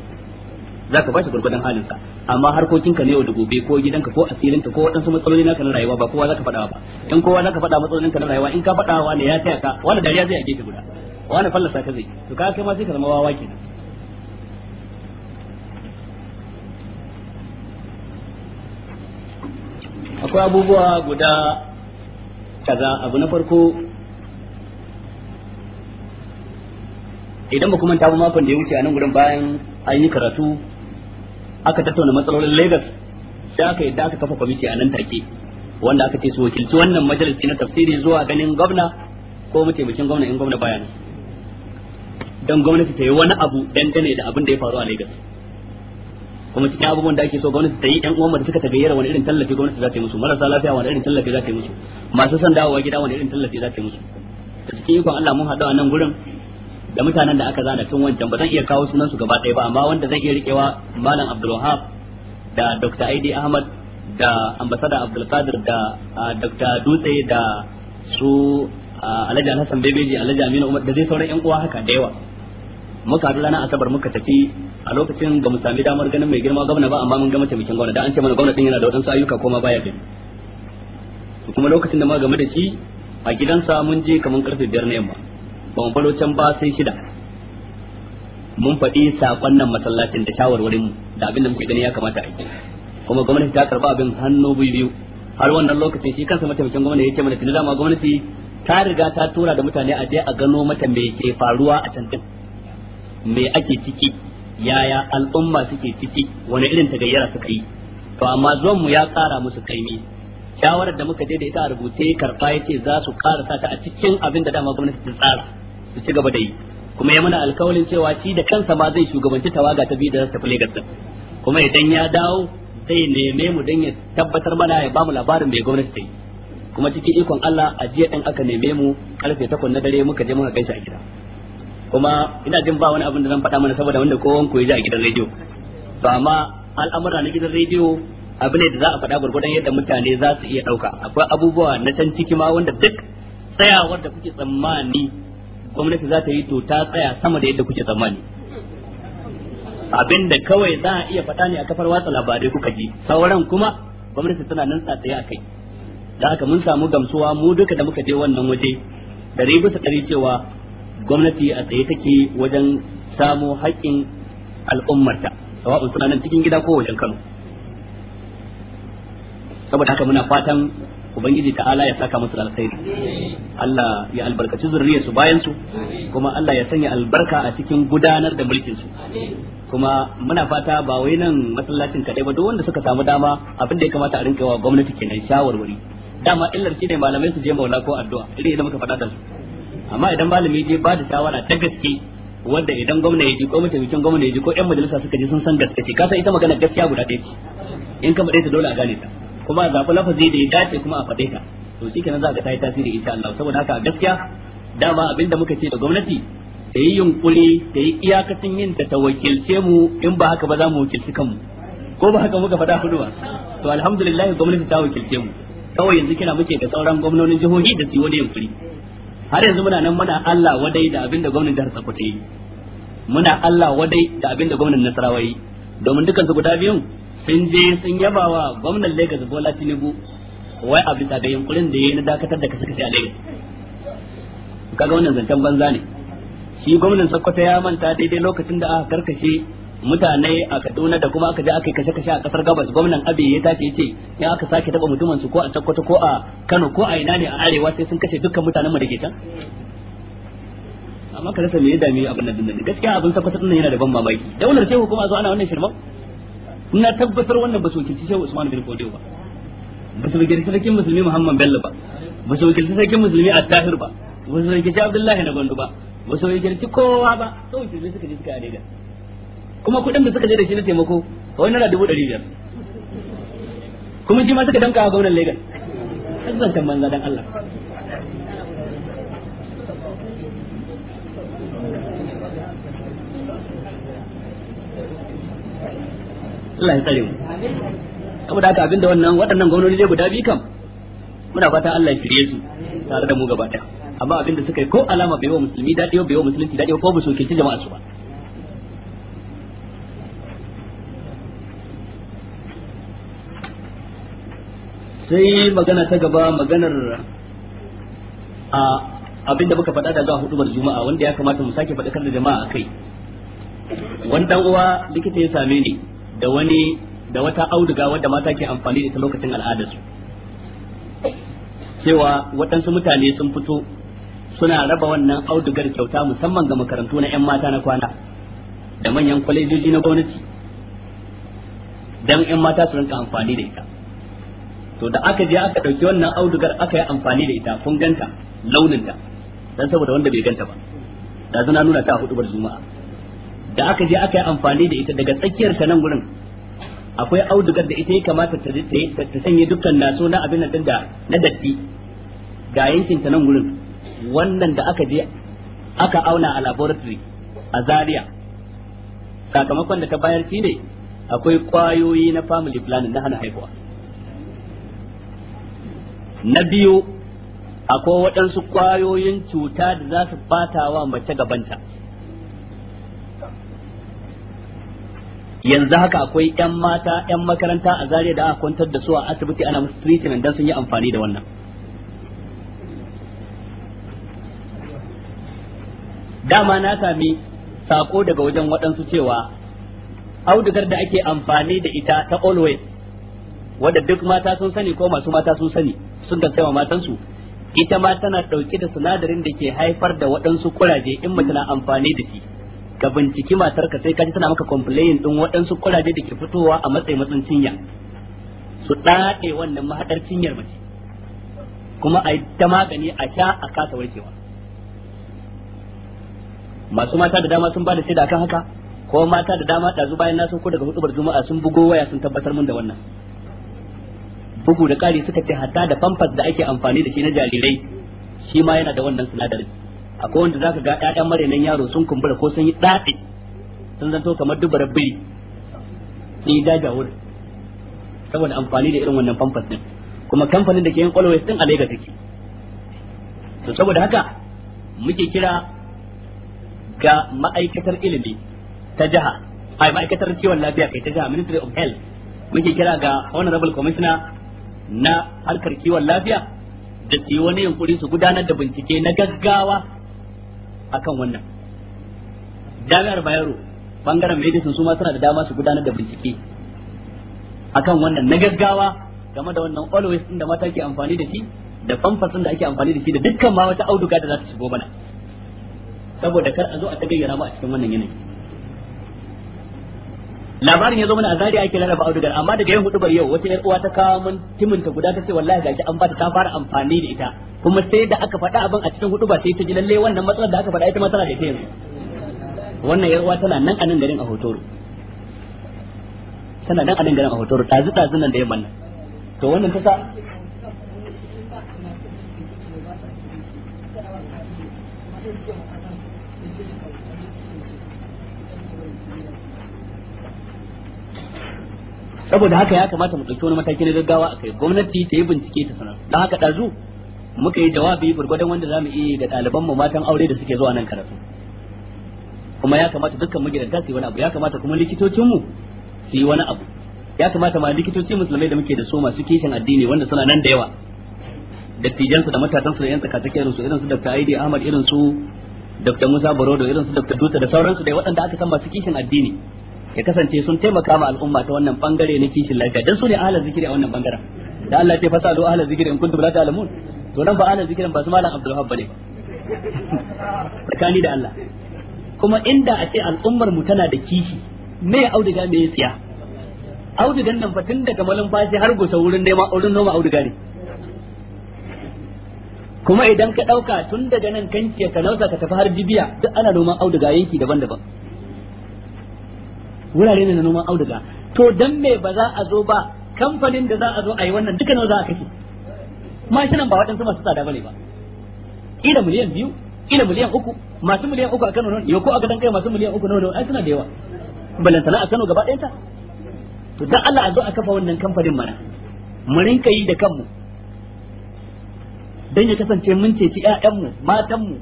Speaker 1: Za ka bashi gurgudan halin amma harkokin ka ne yau da gobe ko gidanka ko asirinka ko wadansu matsaloli naka na rayuwa ba kowa za ka faɗa ba in kowa za ka faɗa matsalolin ka na rayuwa in ka faɗa wa ne ya taya ka wani dariya zai a gefe guda wani fallasa ka zai to ka kai ma sai ka zama wawa kenan akwai abubuwa guda kaza abu na farko idan ba kuma ta ba makon da ya wuce a nan gudun bayan an yi karatu aka tattauna matsalolin Lagos sai aka yadda aka kafa kwamiti a nan take wanda aka ce su wakilci wannan majalisi na tafsiri zuwa ganin gwamna ko mataimakin gwamna in gwamna bayan don gwamnati ta yi wani abu dangane da abin da ya faru a Lagos kuma cikin abubuwan da ake so gwamnati ta yi ɗan uwan da suka tagayyara wani irin tallafi gwamnati za ta yi musu marasa lafiya wani irin tallafi za ta yi musu masu son dawowa gida wani irin tallafi za ta yi musu da cikin ikon Allah mun haɗu a nan gurin da mutanen da aka zana tun wancan ba zan iya kawo sunan su gaba ɗaya ba amma wanda zan iya rikewa malam Abdulwahab da Dr. Aidi Ahmad da ambasada Abdulkadir da ah, Dr. Dutse da su ah, Alhaji Alhassan Bebeji Alhaji Aminu Umar da zai sauran yan uwa haka da yawa muka haɗu ranar asabar muka tafi a lokacin ga mu sami damar ganin mai girma gwamna ba amma mun ga mataimakin gwamna da an ce mana gwamna din yana da waɗansu ayyuka ko ma baya gani kuma lokacin da ma game da shi a gidansa mun je kamar karfe biyar na yamma ban mu can ba sai shida mun faɗi sakon nan masallacin da shawarwarin da abin da muke gani ya kamata a yi kuma gwamnati ta karba abin hannu biyu har wannan lokacin shi kansa mataimakin gwamnati yake mana tunda dama gwamnati ta riga ta tura da mutane a je a gano mata me ke faruwa a can din me ake ciki yaya al'umma suke ciki wani irin tagayyara suka yi to amma zuwan mu ya kara musu kaimi shawarar da muka je da ita a rubuce karfa yace za su kara sata a cikin abin da dama gwamnati ta tsara su ci gaba da yi kuma ya mana alkawalin cewa shi da kansa ma zai shugabanci tawaga ta biyu da ta Lagos din kuma idan ya dawo zai neme mu dan ya tabbatar mana ya bamu labarin mai gwamnati ta yi kuma cikin ikon Allah a jiya aka neme mu karfe 8 na dare muka je muka kai shi a gida kuma ina jin ba wani abin da zan faɗa mana saboda wanda kowan ku ya ji a gidan rediyo to amma al'amura na gidan rediyo abu ne da za a faɗa gurgurdan yadda mutane za su iya ɗauka akwai abubuwa na can ciki ma wanda duk tsayawar da kuke tsammani gwamnati za ta yi to ta tsaya sama da yadda kuke tsammani abinda kawai za a iya faɗa ne a kafar watsa labarai kuka ji sauran kuma gwamnati tana nan tsatsaye a kai da haka mun samu gamsuwa mu duka da muka je wannan waje dari bisa dari cewa gwamnati a tsaye take wajen samo haƙƙin al'ummarta sawa'un suna nan cikin gida ko wajen Kano saboda haka muna fatan ubangiji ta'ala ya saka musu alkhairi Allah ya albarkaci zurriyarsu bayan su kuma Allah ya sanya albarka a cikin gudanar da mulkin su kuma muna fata ba wai nan masallacin kadai ba duk wanda suka samu dama abin da ya kamata a rinka wa gwamnati kenan shawarwari dama illar shi ne malamai su je maula ko addu'a iri idan muka faɗa da su amma idan malami je ba da shawara ta gaske wanda idan gwamna ya ji ko mataimakin gwamna ya ji ko yan majalisa suka ji sun san gaske ka san ita magana gaskiya guda ɗaya ce in ka faɗe dole a gane ta kuma a zaɓi lafazi da ya dace kuma a faɗe ta to shi kenan za ka tayi tasiri insha Allah saboda haka gaskiya dama abinda muka ce da gwamnati ta yi yunkuri ta yi iyakacin yin ta ta wakilce mu in ba haka ba za mu wakilci kanmu ko ba haka muka faɗa huduwa to alhamdulillah gwamnati ta wakilce mu kawai yanzu kina muke da sauran gwamnonin jihohi da su wani yunkuri har yanzu muna nan muna Allah wadai da abinda gwamnatin jihar Sokoto yi muna Allah wadai da abinda gwamnatin Nasarawa yi domin dukan su guda biyun sun je sun yaba wa gwamnan Lagos Bola Tinubu wai a bisa da yunkurin da yayi na dakatar da kasa kace a Lagos kaga wannan zancen banza ne shi gwamnan Sokoto ya manta daidai lokacin da aka karkashe mutane a Kaduna da kuma aka je aka kashe kashe a kasar Gabas gwamnan Abe ya tafi yace in aka sake taba mutumin su ko a Sokoto ko a Kano ko a ina ne a arewa sai sun kashe dukkan mutanen mu da ke can amma ka rasa me ya dame abin nan gaskiya abin Sokoto din yana da ban mamaki daular shehu kuma a zo ana wannan shirman ina tabbatar wannan ba su wakilci shehu usman bin fodiyo ba ba su wakilci sarkin musulmi muhammad bello ba ba su wakilci sarkin musulmi attahir ba ba su wakilci abdullahi na gwandu ba ba su wakilci kowa ba su wakilci suka je suka adega kuma kuɗin da suka je da shi na taimako wani na dubu ɗari biyar
Speaker 3: kuma shi ma suka danka a gwamnan lagos azantan banza dan allah Allah ya tsare mu saboda
Speaker 1: haka abinda wannan waɗannan gwamnoni zai guda biyu kam muna fata Allah ya fire su tare da mu gaba ɗaya amma abinda suka yi ko alama bai wa musulmi daɗi ba bai wa musulunci daɗi ba ko musu su jama'a su ba sai magana ta gaba maganar a abin da muka faɗa da za hudubar juma'a wanda ya kamata mu sake faɗakar da jama'a a kai wanda uwa likita ya same ni da wani da wata auduga wadda mata ke amfani da ita lokacin su cewa waɗansu mutane sun fito suna raba wannan audugar kyauta musamman ga makarantu na 'yan mata na kwana da manyan kwalejoji na gwamnati don 'yan mata su rinka amfani da ita to da aka je aka ɗauki wannan audugar aka yi amfani da ita kun ganta launinta don saboda wanda bai ganta ba da zana nuna ta hudu bar juma'a da aka je aka yi amfani da ita daga tsakiyar ta nan gurin akwai audugar da ita ya kamata ta ta sanya dukkan naso na abin nan da na datti ga yankin ta nan gurin wannan da aka je aka auna a laboratory a Zariya sakamakon da ta bayar shi ne akwai kwayoyi na family planning na hana haihuwa na biyu akwai waɗansu kwayoyin cuta da za su fata wa mace gabanta yanzu haka akwai yan mata yan makaranta a zariya da aka kwantar da su a asibiti ana musu treatment dan sun yi amfani da wannan dama na sami sako daga wajen waɗansu cewa audugar da ake amfani da ita ta always wadda duk mata sun sani ko masu mata sun sani sun tantama matansu ita ma tana ɗauke da sinadarin da ke haifar da waɗansu kuraje in mace amfani da shi ka binciki matarka sai ka ji tana maka complain din waɗansu kuraje da ke fitowa a matsayin matsin cinya su ɗaɗe wannan mahaɗar cinyar mace kuma a yi ta magani a sha a kasa warkewa masu mata da dama sun ba da shaida akan haka ko mata da dama ɗazu bayan na sauko daga hudubar juma'a sun bugo waya sun tabbatar mun da wannan bugu da ƙari suka ce hatta da famfas da ake amfani da shi na jarirai shi ma yana da wannan sinadarin akwai wanda zaka ga ƴaƴan marainan yaro sun kumbura ko sun yi daɗi sun zanto kamar dubara biri sun yi daji saboda amfani da irin wannan famfas din kuma kamfanin da ke yin kwalwai din a Lagos take to saboda haka muke kira ga ma'aikatar ilimi ta jiha ai ma'aikatar kiwon lafiya kai ta jiha ministry of health muke kira ga honorable commissioner na harkar kiwon lafiya da su yi wani yunkuri su gudanar da bincike na gaggawa akan wannan jami'ar bayero bangaren medicine su ma suna da dama su gudanar da bincike akan wannan na gaggawa game da wannan always din da mata ke amfani da shi da pampasin da ake amfani da shi da dukkan ma wata auduga da za ta shigo mana saboda kar a zo a tagayyara mu a cikin wannan yanayi labarin ya zo mana a zariya ake lalaba audugar amma daga yin hudubar yau wata yar uwa ta kawo mun timinta guda ta ce wallahi gashi an bata ta fara amfani da ita kuma sai da aka faɗa abin a cikin hudubar sai ta ji lalle wannan matsalar da aka faɗa ita matsala da ita yanzu wannan yar uwa tana nan a nan garin a hotoro tana nan a nan garin a hotoro ɗazu ɗazu nan da yamman nan to wannan ta sa saboda haka ya kamata mu ɗauki wani mataki na gaggawa a kai gwamnati ta yi bincike ta sanar da haka ɗazu muka yi jawabi gwargwadon wanda za mu iya ga ɗaliban mu matan aure da suke zuwa nan karatu kuma ya kamata dukkan magidanta su yi wani abu ya kamata kuma likitocin mu su yi wani abu ya kamata ma likitoci musulmai da muke da su masu kishin addini wanda suna nan da yawa dattijansu da matatansu da yan tsakatsakiyar su irin su Dr. Aidi Ahmad irin su Dr. Musa Barodo irin su Dr. Dutse da sauransu da waɗanda aka san masu kishin addini ya kasance sun taimaka ma al'umma ta wannan bangare na kishin lafiya dan su ne halar zikiri a wannan bangaren da Allah ya fasa a halar zikiri in kuntum la ta'lamun to nan ba halar zikirin ba su malam Abdul Wahab bane tsakani da Allah kuma inda a ce al'ummar mu tana da kishi me auduga me tsiya audugan nan fatin daga malin fashi har gusa wurin neman wurin noma auduga ne kuma idan ka dauka tun daga nan kan ka nausa ka tafi har bibiya, duk ana noman auduga yanki daban-daban wurare ne na noman auduga to dan me ba za a zo ba kamfanin da za a zo a yi wannan duka nawa za a kashe mashinan ba waɗansu masu tsada bane ba ila miliyan biyu ila miliyan uku masu miliyan uku a Kano nan yau ko aka dan kai masu miliyan uku wani ai suna da yawa balantana a Kano gaba ɗayanta to dan Allah a zo a kafa wannan kamfanin mana mu rinka yi da kanmu dan ya kasance mun ceci ƴaƴanmu matanmu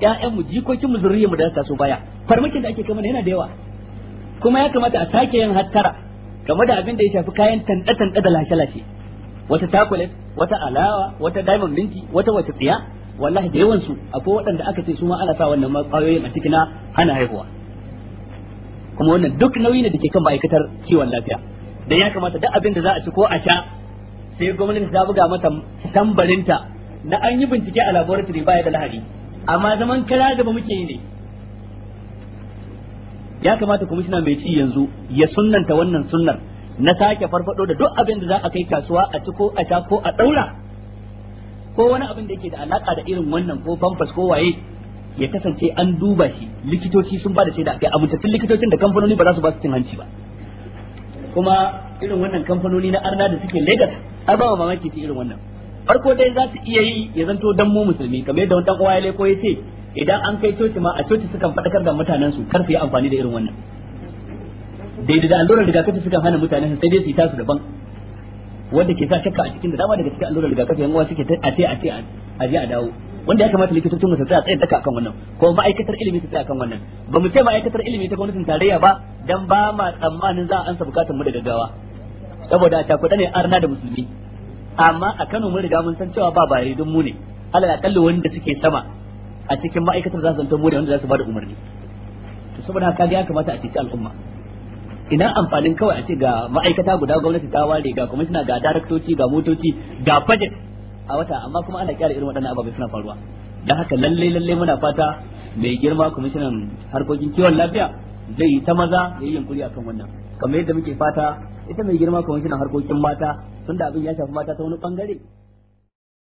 Speaker 1: ƴaƴanmu jikokinmu mu da ta so baya farmakin da ake kai mana yana da yawa kuma ya kamata a sake yin hattara game da abin da ya shafi kayan tanɗe-tanɗe da lashe-lashe wata chocolate wata alawa wata diamond minti wata wata tsiya wallahi da yawan su akwai waɗanda aka ce su ma ana sa wannan kwayoyin a cikin hana haihuwa kuma wannan duk nauyi ne da ke kan ma'aikatar kiwon lafiya da ya kamata duk abin da za a ci ko a sha sai gwamnati ta buga mata tambarinta na an yi bincike a laboratory baya da lahadi amma zaman kira da ba muke yi ne ya kamata kwamishina mai ci yanzu ya sunnanta wannan sunnar na sake farfado da duk abin da za a kai kasuwa a ci ko a sha ko a daura ko wani abin da yake da alaka da irin wannan ko famfas ko waye ya kasance an duba shi likitoci sun ba da shaida ga amintattun likitocin da kamfanoni ba za su ba su cin hanci ba kuma irin wannan kamfanoni na arna da suke Legas har ba mamaki ta irin wannan farko dai za su iya yi ya zanto dan mu musulmi kamar yadda wani dan uwa ya leko ya ce idan an kai coci ma a coci sukan faɗakar da mutanen su kar su yi amfani da irin wannan daidai da allurar rigakafi sukan hana mutanen sai dai su yi tasu daban wanda ke sa shakka a cikin da dama daga cikin allurar rigakafi yan uwa suke a ce a ce a je a dawo wanda ya kamata likitocin mu su tsaya tsayin daka akan wannan ko ma'aikatar ilimi su tsaya akan wannan ba mu ce ma'aikatar ilimi ta gwamnatin tarayya ba dan ba ma tsammanin za a ansa bukatun mu da gaggawa saboda ta takuɗa ne arna da musulmi amma a Kano mun riga mun san cewa ba bare don mu ne alal akalli wanda suke sama a cikin ma'aikatar za su zanto mu wanda za su bada umarni to saboda haka ga ya kamata a cikin al'umma ina amfanin kawai a ce ga ma'aikata guda gwamnati ta ware ga kwamishina ga daraktoci ga motoci ga budget a wata amma kuma ana kyara irin waɗannan ababai suna faruwa dan haka lalle lalle muna fata mai girma kwamishinan harkokin kiwon lafiya zai yi ta maza ya yi yunkuri akan wannan kamar yadda muke fata ita mai girma kwamishinan harkokin mata tunda abin ya shafi mata ta wani bangare